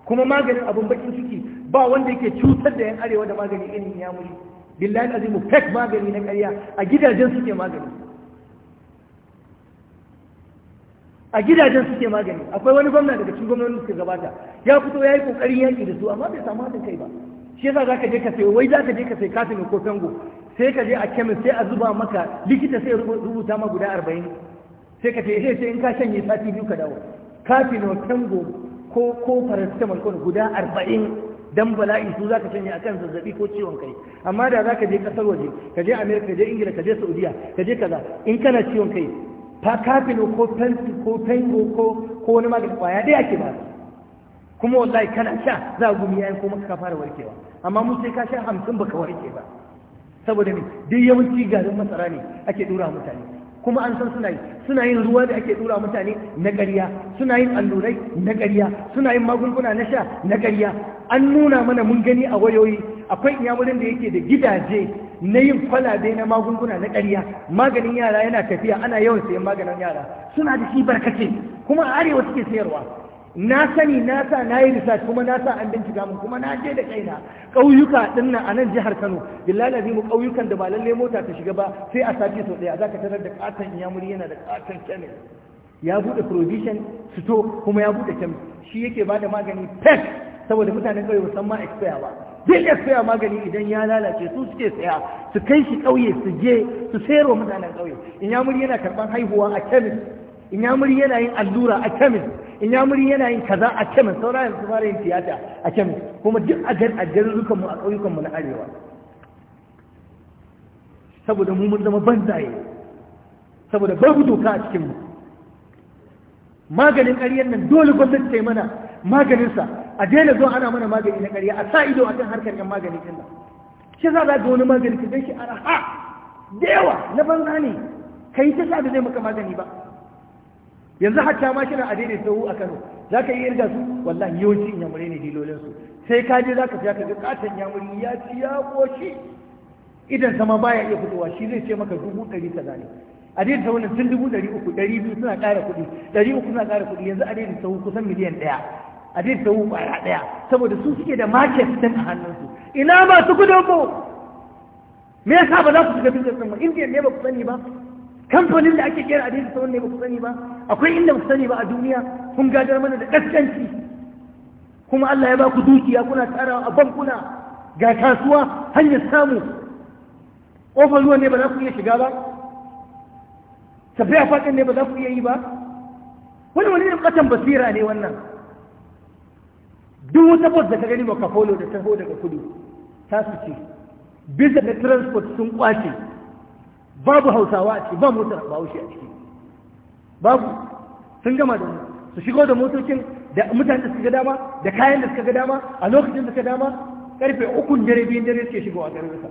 kuma maganin abin bakin ciki ba wanda yake cutar da yan arewa da magani irin ya muni. billahi azimu fake magani na ƙarya a gidajen suke magani a gidajen suke magani akwai wani gwamna daga cikin gwamnati suke gabata ya fito ya yi kokarin yanki da su amma bai samu haɗin kai ba shi yasa zaka je ka sayo wai zaka je ka sayi katin ko tango sai ka je a kemis sai a zuba maka likita sai rubuta ma guda arba'in sai ka ce eh, sai in ka shanye sati biyu ka dawo katin tango ko ko paracetamol ko guda arba'in dan bala'i su zaka sanya akan zazzabi ko ciwon kai amma da zaka je kasar waje ka je America ka je Ingila ka je Saudiya ka je kaza in kana ciwon kai ta kafino ko fenti ko fengo ko ko wani magani kwaya dai ake ba kuma wallahi kana sha za gumi yayin ko maka fara warkewa amma mun sai ka sha hamsin baka warke ba saboda ne duk yawanci garin masara ne ake dura mutane kuma an san suna yi suna yin ruwa da ake dura mutane na ƙarya suna yin allurai na ƙarya suna yin magunguna na sha na ƙarya an nuna mana mun gani a wayoyi akwai iyamurin da yake da gidaje na yin kwalabe na magunguna na ƙarya maganin yara yana tafiya ana yawan sayan maganin yara suna da shi barkace kuma a arewa suke sayarwa na sani na sa na yi research kuma na sa an bincika mun kuma na je da kaina ƙauyuka din a nan jihar Kano billahi azimu ƙauyukan da ba lalle mota ta shiga ba sai a sati sau daya zaka tarar da katon iyamuri yana da katon kemis ya bude provision to kuma ya bude kemis shi yake bada magani pet saboda mutanen ƙauye ba san ma expire ba duk ya saya magani idan ya lalace su suke saya su kai shi ƙauye su je su sayarwa mutanen ƙauye inyamuri yana karɓar haihuwa a kemis inyamuri yana yin allura a kemis inyamuri yana yin kaza a kemis saura yanzu fara yin tiyata a kemis kuma duk a garurukanmu a ƙauyukanmu na arewa saboda mu mun zama banzaye saboda babu doka a cikinmu maganin ƙaryar nan dole gwamnati ta yi mana maganinsa a daina zuwa ana mana magani na ƙarya a sa ido a kan harkar yan magani ɗin shi za ga wani magani ka zai shi araha da yawa na banza ne ka yi ta sa da zai maka magani ba yanzu hatta ma kina a daina sau a Kano za ka yi irga su wallahi yawanci in inyamurai ne dilolin su sai ka je za ka fiya ka ga katon yamuri ya ci ya ƙoshi idan sama baya iya fitowa shi zai ce maka dubu ɗari ta zane a daidai ta wani tun dubu ɗari uku ɗari biyu suna ƙara kuɗi ɗari uku suna ƙara kuɗi yanzu a daidai ta kusan miliyan ɗaya a zai sau kwaya ɗaya saboda su suke da market din a hannunsu ina masu kudin ku me yasa ba za ku shiga business din ba india ne ba ku sani ba kamfanin da ake kera a daidai sauran ne ba ku sani ba akwai inda ba ku sani ba a duniya kun gadar mana da kaskanci kuma Allah ya ba ku dukiya kuna tarawa a bankuna ga kasuwa hanyar samu ƙofar ruwa ne ba za ku iya shiga ba tafiya faɗin ne ba za ku iya yi ba wani wani irin ƙasan basira ne wannan duk wata bot da ka gani maka polo da taho daga kudu ta su ce bisa da transport sun kwace babu hausawa a ciki ba motar ba wuce a ciki babu sun gama da su shigo da motocin da mutane da suka ga dama da kayan da suka ga dama a lokacin da suka dama karfe ukun dare biyun dare suke shigo a garin sa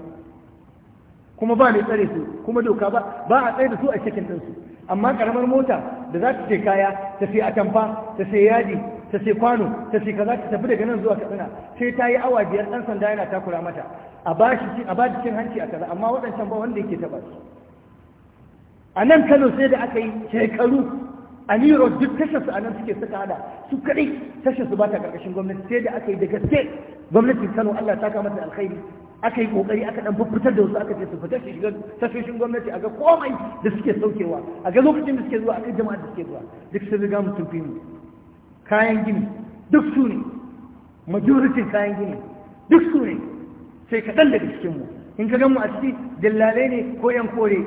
kuma ba mai tsare su kuma doka ba ba a tsaye da su a cikin ɗinsu amma karamar mota da za ta ce kaya ta sai atamfa ta sai yaji ta sai kwano ta sai kaza ta tafi daga nan zuwa katsina sai ta yi awa biyar ɗan sanda yana takura mata a ba shi a ba cin hanci a kaza amma waɗancan ba wanda yake taɓa su a nan kano sai da aka yi shekaru a niro duk tashar su a nan suke suka hada su kaɗai tashar su ba ta ƙarƙashin gwamnati sai da aka yi da gaske gwamnatin kano allah ta kama mata alkhairi aka yi kokari aka dan fitar da wasu aka ce su fita shiga tashoshin gwamnati a ga komai da suke saukewa a ga lokacin da suke zuwa a jama'a da suke zuwa duk sun riga mutum fi mu kayan gini duk su ne majoritin kayan gini duk su ne sai kaɗan daga cikinmu in ka gan mu a ciki dillalai ne ko yan kore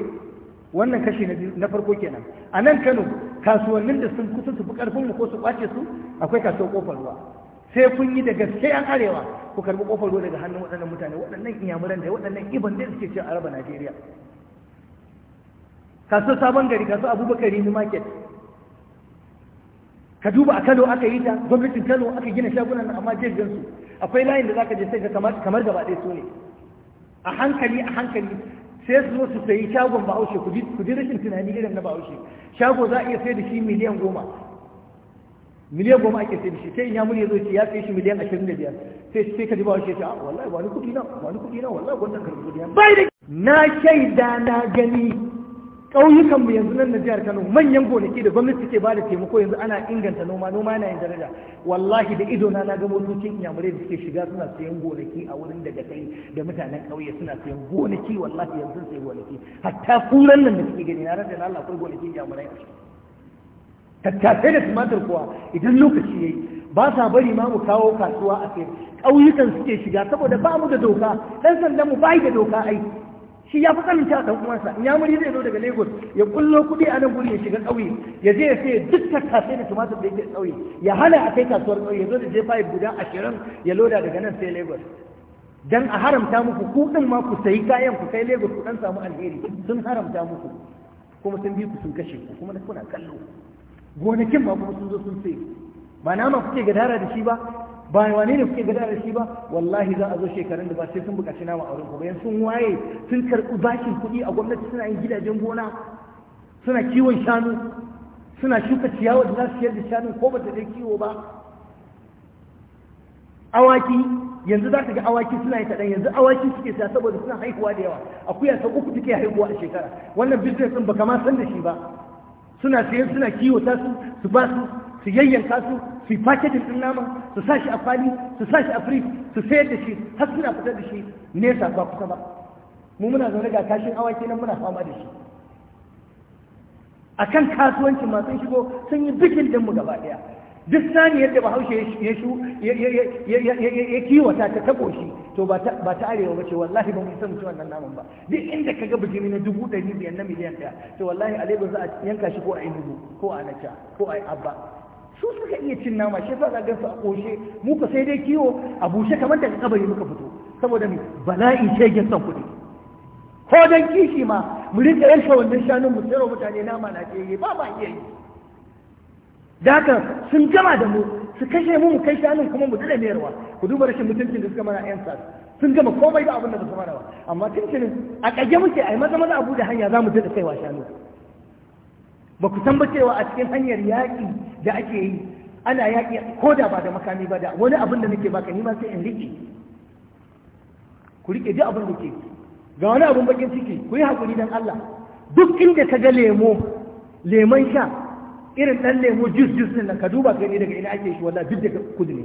wannan kashi na farko kenan a nan kano kasuwannin da sun kusa su fi mu ko su kwace su akwai kasuwar kofar ruwa sai kun yi da gaske yan arewa ku karbi kofar ruwa daga hannun waɗannan mutane waɗannan iyamuran da waɗannan iban da suke cewa araba najeriya kasuwar sabon gari kasuwar abubakar ni market ka duba a kano aka yi ta gwamnatin kano aka gina shagunan nan amma jirgin su akwai layin da zaka je sai ka kamar gaba ɗaya so ne a hankali a hankali sai su zo su sayi shagon bahaushe ku ji rashin tunani irin na bahaushe shago za a iya sai da shi miliyan goma miliyan goma ake sai da shi sai in ya muni zo ce ya sai shi miliyan ashirin da biyar sai sai ka ji bahaushe ce a ah, wallahi wani kuɗi na wani kuɗi na wallahi wannan karɓi kuɗi na bai da na shaida na gani ƙauyukan mu yanzu nan na jihar Kano manyan gonaki da gwamnati ke ba da taimako yanzu ana inganta noma noma na yin daraja wallahi da ido na ga motocin inyamurai da suke shiga suna sayan gonaki a wurin daga kai da mutanen ƙauye suna sayan gonaki wallahi yanzu sai gonaki hatta furan nan da suke gani na rasa Allah akwai gonaki inyamurai a ciki tattasai da tumatir kuwa idan lokaci yayi ba sa bari ma mu kawo kasuwa a kai ƙauyukan suke shiga saboda ba mu da doka dan sandan mu bai da doka ai shi ya fi tsananta a ɗan'uwansa ya muri zai zo daga lagos ya kullo kuɗi a nan guri ya shiga ƙauye ya je ya sai duk tattasai da tumatir da yake ƙauye ya hana a kai kasuwar ƙauye ya zo da jefa ya guda ashirin ya loda daga nan sai lagos dan a haramta muku ku ɗin ma ku sayi kayan ku kai lagos ku ɗan samu alheri sun haramta muku kuma sun bi ku sun kashe ku kuma kuna kallo gonakin ma kuma sun zo sun sai ba nama kuke gadara da shi ba ba wane ne kuke gada da shi ba wallahi za a zo shekarun da ba sai sun bukaci nama a wurin bayan sun waye sun karɓi bashin kuɗi a gwamnati suna yin gidajen gona suna kiwon shanu suna shuka ciyawa da za su siyar da shanu ko ba ta dai kiwo ba awaki yanzu za ka ga awaki suna yi kaɗan yanzu awaki suke sa saboda suna haihuwa da yawa akuya sau uku take haihuwa a shekara wannan business ɗin baka ma san da shi ba suna sayan suna kiwo ta su ba su su yayyanka su su packaging din nama, su sa shi a fali su sa shi a fridge su sayar da shi har suna fitar da shi nesa ba kusa ba mu muna zaune ga kashin awaki nan muna fama da shi akan kasuwanci masu shigo sun yi bikin din mu gaba daya duk sani yadda bahaushe ya shu ya kiwata ta tabo shi to ba ta arewa ba ce wallahi ba mu san mutuwan nan naman ba duk inda kaga bijimi na dubu ɗari biyar na miliyan ɗaya to wallahi a lagos za a yanka shi ko a yi dubu ko a naca ko a yi abba su suka iya cin nama shi yasa ka gansu a koshe mu ka sai dai kiwo a bushe kamar daga kabari muka fito saboda mu bala'i shegen san kuɗi ko dan kishi ma mu rika 'yan wannan shanun mu sayarwa mutane nama na jege ba ba iya yi da haka sun gama da mu su kashe mu mu kai shanun kuma mu dada mayarwa ku duba rashin mutuncin da suka mana yan sa sun gama komai da abin da suka su mana ba amma tuntunin a kage muke ai maza maza abu da hanya za mu dada kaiwa shanu ba ku san ba cewa a cikin hanyar yaƙi da ake yi ana yaƙi ko da ba da makami ba da wani abin da nake baka ni ma sai in riƙe ku riƙe duk abin da ke ga wani abin bakin ciki ku yi haƙuri don Allah duk inda ka ga lemo leman sha irin ɗan lemo jus jus ɗin nan ka duba ka gani daga ina ake shi wallahi duk daga kudu ne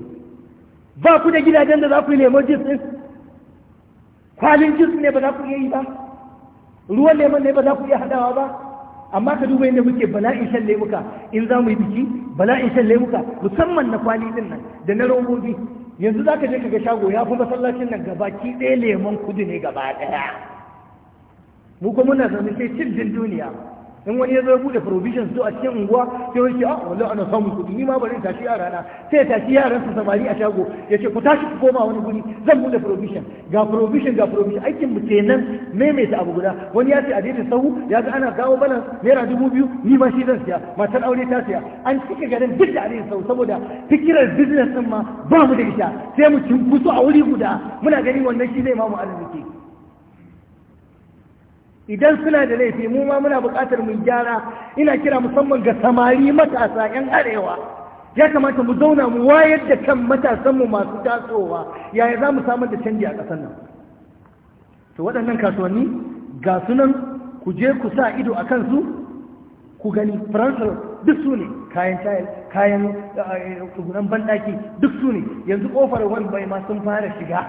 ba ku da gidajen da za ku yi lemo jus ɗin kwalin jus ne ba za ku iya yi ba ruwan lemon ne ba za ku iya haɗawa ba amma ka duba yadda muke bala'in shan lemuka in za mu yi biki bala'in shan lemuka musamman na kwali din nan da na robobi yanzu za ka je ka ga shago ya fi masallacin nan gaba ki ɗaya lemon kudu ne gaba ɗaya mu kuma muna zama sai cin duniya in wani ya zo bude provisions to a cikin unguwa sai wani ce a ah, wallahi ana samun kuɗi ni ma bari tashi yara na sai tashi yaran su samari a shago ya ce ku tashi ku koma wani guri zan bude provision ga provision ga provision aikin mu kenan maimaita abu guda wani ya ce a daidai sahu ya ga ana gawo balan naira dubu biyu ni ma shi zan siya matar aure ta siya an cika garin duk da a daidai saboda fikirar business din ma ba mu da ita sai mu cunkusu a wuri guda muna gani wannan shi zai ma mu arziki idan suna da laifi mu ma muna buƙatar mu gyara ina kira musamman ga samari matasa 'yan arewa ya kamata mu zauna mu wayar da kan mu masu tasowa yaya za mu samar da canji a ƙasar nan to waɗannan kasuwanni ga sunan ku je ku sa ido a kansu ku gani faransa duk su ne kayan tayar kayan eh, tsugunan banɗaki duk su ne yanzu ƙofar wani bai ma sun fara shiga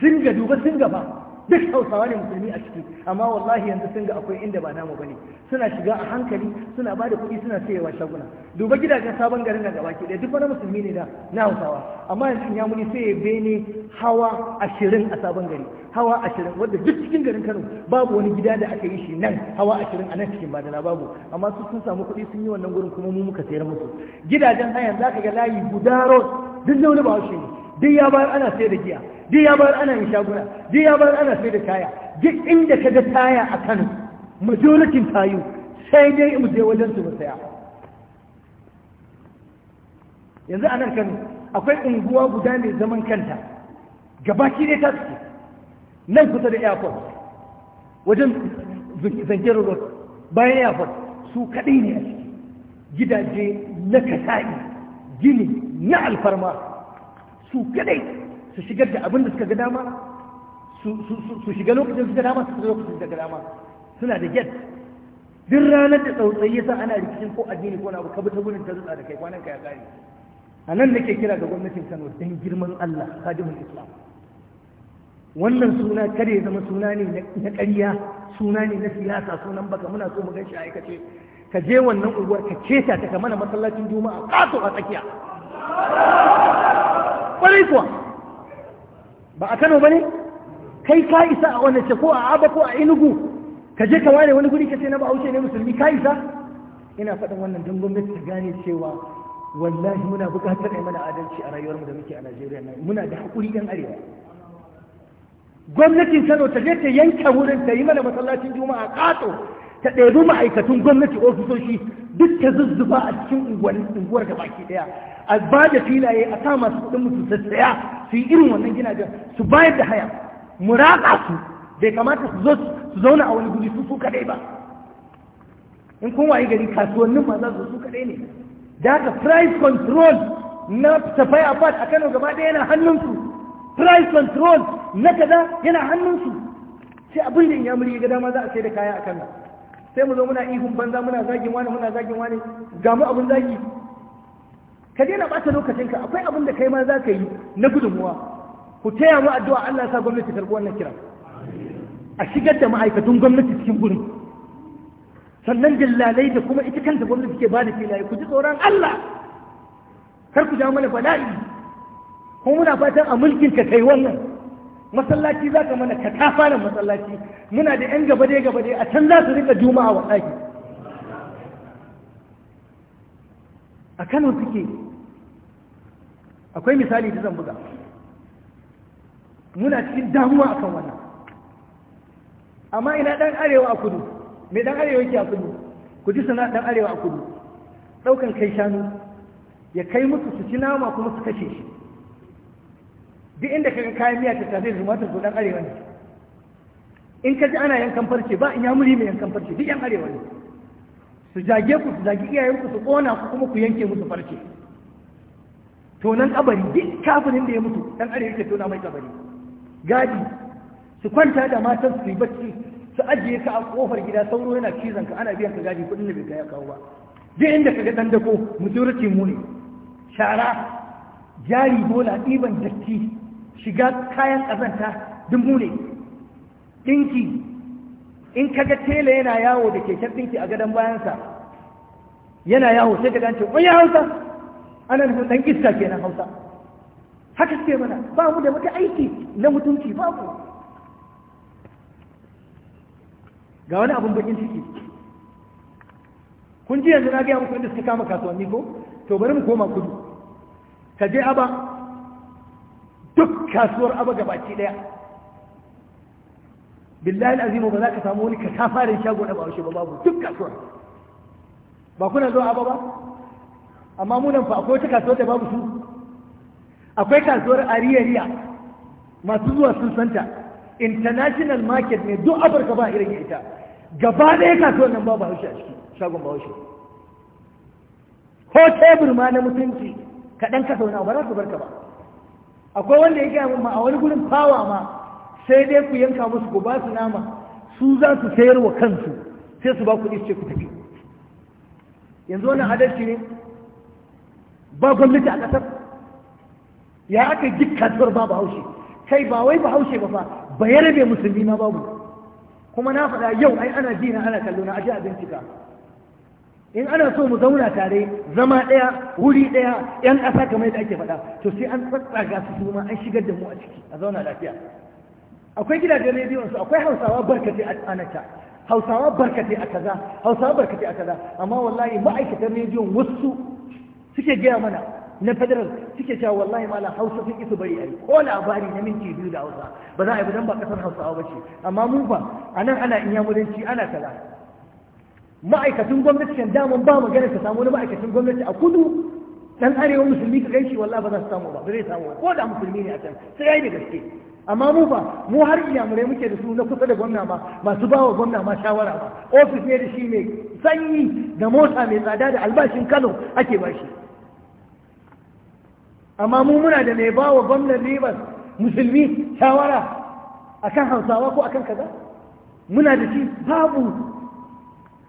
sun ga duba sun gaba duk hausawa ne musulmi a ciki amma wallahi yanzu sun ga akwai inda ba namu bane suna shiga a hankali suna bada kuɗi suna sayewa shaguna duba gidajen sabon garin nan gabaki ɗaya duk wani musulmi ne da na hausawa amma yanzu ya muni sai ya bene hawa ashirin a sabon gari hawa ashirin wanda duk cikin garin kano babu wani gida da aka yi shi nan hawa ashirin a nan cikin na babu amma su sun samu kuɗi sun yi wannan gurin kuma mu muka sayar musu gidajen hayan za ka ga layi guda road duk wani ba ne duk ya bayar ana sai da giya duk ya bayar ana yin shaguna duk ya bayar ana sai da kaya duk inda ka ga taya a kano majoritin tayu sai dai mu je wajen su saya yanzu a nan kano akwai unguwa guda mai zaman kanta gabaki dai ta suke nan kusa da airport wajen zankirar road bayan airport su kaɗai ne a ciki gidaje na kasa'i gini na alfarma su kadai su shigar da abin da suka ga dama su shiga lokacin suka dama su shiga lokacin suka dama suna da get duk ranar da tsautsayi yasa ana rikicin ko addini ko na abu kabi ta gurin ta zutsa da kai kwanan ka ya kare a nan nake kira ga gwamnatin Kano don girman Allah kadimul Islam wannan suna kare zama suna ne na ƙarya suna ne na siyasa sunan baka muna so mu gan shi aikace ka je wannan unguwar ka keta ta ka mana masallacin juma'a kato a tsakiya kwarai kuwa ba a kano ba ne kai ka isa a wani ko a aba ko a inugu ka je ka ware wani guri ka ce na ba a wuce ne musulmi ka isa ina faɗin wannan don gwamnati ta gane cewa wallahi muna buƙatar mana adalci a rayuwarmu da muke a najeriya nan muna da haƙuri yan arewa gwamnatin kano ta je ta yanka wurin ta yi mana masallacin juma'a ƙato ta ɗebi ma'aikatun gwamnati ofisoshi duk ta zuzzuba a cikin unguwar gabaki ɗaya a ba da filaye a sa masu kuɗin musu sassaya su yi irin wannan gina gidajen su bayar da haya mu ratsa su bai kamata su zo su zauna a wani guri su su kaɗai ba in kun waye gari kasuwannin ma za su su kaɗai ne da haka price control na safai apart a kano gaba ɗaya yana hannunsu price control na kaza yana hannunsu sai abin da in yamuri ga dama za a sai da kaya a kano sai mu zo muna ihun banza muna zagin wani muna zagin wani ga mu abin zagi ka daina ɓata lokacinka akwai abin da kai ma za ka yi na gudunmuwa ku taya mu addu'a Allah ya sa gwamnati karɓi wannan kira a shigar da ma'aikatan gwamnati cikin gudun. sannan dillalai da kuma ita kanta gwamnati ke bada filaye ku ji tsoron Allah kar ku jawo mana bala'i ko muna fatan a mulkin ka kai wannan masallaci za ka mana ka tafa nan masallaci muna da yan gaba dai a can za su rika juma'a wa ɗaki a Kano suke akwai misali da zan buga muna cikin damuwa akan wannan amma ina dan arewa a kudu me dan arewa yake a kudu ku ji sana dan arewa a kudu daukan kai shanu ya kai musu su ci nama kuma su kashe shi duk inda kaga kayan miya ta tare da tumatir ko dan arewa ne in ka ji ana yankan farce ba in ya muri mai yankan farce duk yan arewa ne su jage ku su zagi iyayen ku su kona ku kuma ku yanke musu farce tonan kabari duk kafirin da ya mutu dan arewa yake tona mai kabari gadi su kwanta da matan su bacci su ajiye ka a kofar gida sauro yana cizon ka ana biyan ka gadi kudin da bai kai kawo ba duk inda ka ga dan dako majority mu ne shara jari bola ɗiban datti shiga kayan ƙazanta duk mu ne ɗinki in kaga tela yana yawo da keken ɗinki a gadon bayansa yana yawo sai ka gance ya hausa ana nufin ɗan iska kenan hausa haka suke mana ba mu da wata aiki na mutunci ba ku. ga wani abin bakin ciki kun ji yanzu na gaya muku inda suka kama kasuwanni ko to bari mu koma kudu ka je aba duk kasuwar aba gabaci daya billahi azimu ba za ka samu wani katafarin shago na bahaushe ba babu duk kasuwar ba kuna zo aba ba amma munan fa akwai wata kasuwar da babu su akwai kasuwar ariyariya masu zuwa sun santa international market ne duk afirka ba irin ita gaba ɗaya kasuwar nan babu haushi a ciki shagon bahaushe ko tebur ma na mutunci kaɗan ka zauna ba za su barka ba akwai wanda ya gaya ma a wani gurin fawa ma sai dai ku yanka musu ku ba su nama su za su sayar wa kansu sai su ba kuɗi su ce ku tafi yanzu wannan adalci ne ba gwamnati a ƙasar ya aka yi duk kasuwar ba bahaushe kai ba wai bahaushe ba fa ba ya rabe musulmi ma babu kuma na faɗa yau ai ana jina, ana kallo na aje a bincika in ana so mu zauna tare zama ɗaya wuri ɗaya yan ƙasa kamar yadda ake faɗa to sai an tsatsaga su su ma an shigar da mu a ciki a zauna lafiya akwai gidajen rediyon su akwai hausawa barkatai a tsanata hausawa barkatai a kaza hausawa barkatai a kaza amma wallahi ma'aikatan rediyon wasu suke gaya mana na federal suke cewa wallahi mala hausa sun isu bari a yi ko labari na minti biyu da hausa ba za a yi dan ba kasar hausawa ba ce amma mu fa a nan ana inyamuranci ana kala ma'aikatan gwamnati kan daman ba ganin ka samu wani ma'aikatan gwamnati a kudu dan arewa musulmi ka gan shi wallahi ba za su samu ba ba zai samu ko da musulmi ne a can sai ya yi da gaske amma mu ba mu har iyamurai muke da su na kusa da gwamna ma masu bawa gwamna ma shawara ba ofis ne da shi mai sanyi da mota mai tsada da albashin kano ake bashi amma mu muna da mai ba wa gwamnan musulmi shawara akan hausawa ko akan kaza muna da shi babu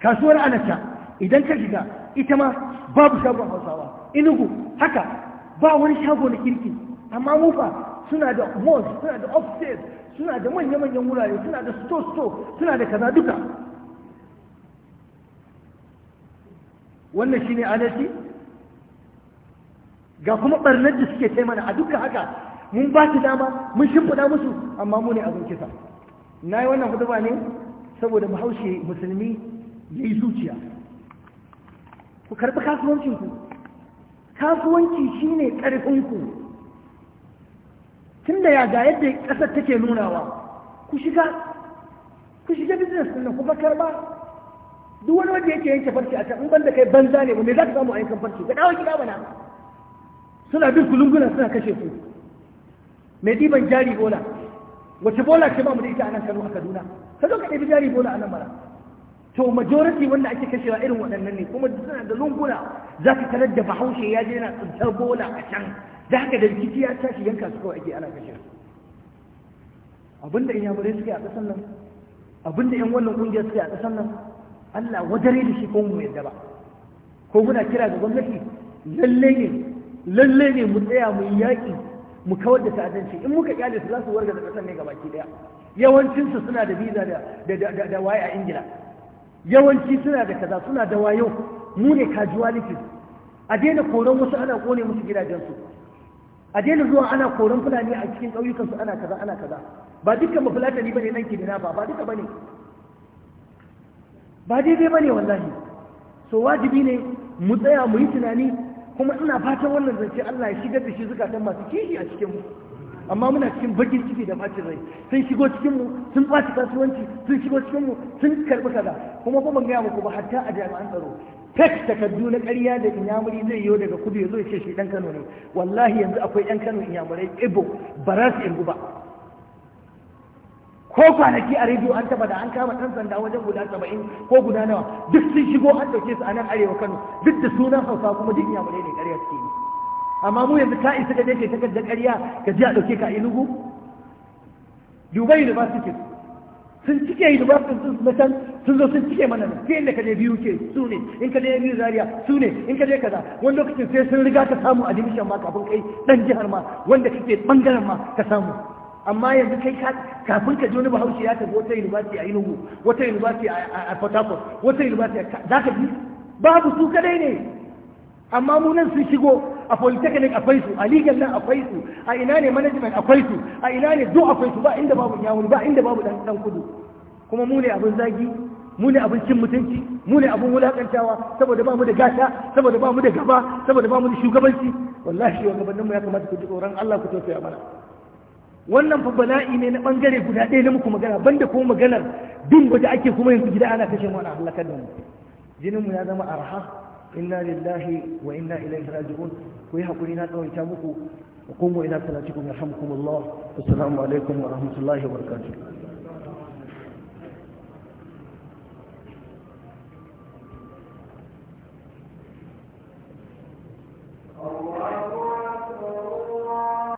kasuwar anaka idan ka shiga ita ma babu shagon hausawa inugu haka ba wani shago na kirki amma mu fa suna da malls suna da upstairs suna da manya-manyan wurare suna da store-store suna da kaza duka wannan shine adalci ga kuma barnar da suke taimana, a duka haka mun ba su dama mun shimfiɗa musu amma mu ne abin kisa na yi wannan hudu ne saboda bahaushe musulmi ya yi zuciya ku karɓi kasuwancinku kasuwanci ne ƙarfinku tun da ya ga yadda ƙasar take nunawa ku shiga ku shiga business ɗin ku ba karɓa duk wani wanda yake yanke farci a can in da kai banza ne ba me za ka samu a yankan farci ga dawo gida bana suna bin kulunguna suna kashe su mai ɗiban jari bola wace bola ce ba mu da ita a nan kano a kaduna ka zo ka ɗabi jari bola a nan mara to majority wanda ake kashewa irin waɗannan ne kuma suna da lunguna za ka tarar da bahaushe ya je yana tsuntar bola a can da haka da rikici ya tashi yanka su kawai ake ana kashe abinda in yamurai suke a ƙasar nan abinda yan wannan ƙungiyar suke a ƙasar nan Allah wajare da shi ko mu yadda ba ko muna kira ga gwamnati lalle ne lalle ne mu tsaya mu yi yaƙi mu kawar da ta'addanci in muka kyale su za su warga da ƙasar ne gabaki ɗaya yawancinsu suna da visa da da waye a ingila yawanci suna da kaza suna da wayo mu ne nufin. a daina koron wasu ana kone musu gidajensu a daina zuwa ana koron fulani a cikin ƙauyukansu ana kaza ana kaza ba dukkan mafulatani bane nan kidina ba ba duka bane ba daidai bane wallahi so wajibi ne mu tsaya mu yi tunani kuma ina fatan wannan zance Allah ya shigar da shi zukatan masu kishi a cikinmu. amma muna cikin bakin ciki da bacin rai sun shigo cikinmu sun ɓaci kasuwanci sun shigo cikinmu sun karɓi kaza kuma ba ban gaya muku ba hatta a jami'an tsaro tek takardu na ƙarya da inyamuri zai yiwu daga kudu ya zo ya ce shi ɗan kano ne wallahi yanzu akwai ɗan kano inyamurai ibo ba za su yanzu ba ko kwanaki a rediyo an taba da an kama ɗan sanda wajen guda saba'in ko guda nawa duk sun shigo an ɗauke su a nan arewa kano duk da sunan hausa kuma duk inyamurai ne ƙarya suke yi amma mu yanzu ka isa ka je kai takardar ƙarya ka ji a ɗauke ka a inugu dubai university sun cike university sun na can sun zo sun cike mana sai inda ka je biyu ke su ne in ka je biyu zaria su ne in ka je kaza wani lokacin sai sun riga ka samu admission ma kafin kai ɗan jihar ma wanda kake ɓangaren ma ka samu amma yanzu kai kafin ka ji wani bahaushe ya tafi wata university a Enugu wata university a Port Harcourt wata university za ka ji babu su kadai ne amma mu nan sun shigo a polytechnic akwai su a legal nan akwai su a ina ne management akwai su a ina ne duk akwai su ba inda babu yawon ba inda babu dan kudu kuma mu ne abin zagi mu ne abin cin mutunci mu ne abin wulakantawa saboda ba mu da gasha, saboda ba mu da gaba saboda ba mu da shugabanci wallahi shugabanninmu ya kamata ku ji tsoron Allah ku tausaya mana wannan fa bala'i ne na bangare guda ɗaya na muku magana banda kuma maganar bin waje ake kuma yanzu gida ana kashe mu ana halakar da mu jinin mu ya zama arha inna lillahi wa inna ilaihi raji'un ku yi hakuri na tsawaita muku wa qumu ila salatikum yarhamukumullah assalamu alaikum wa rahmatullahi wa barakatuh الله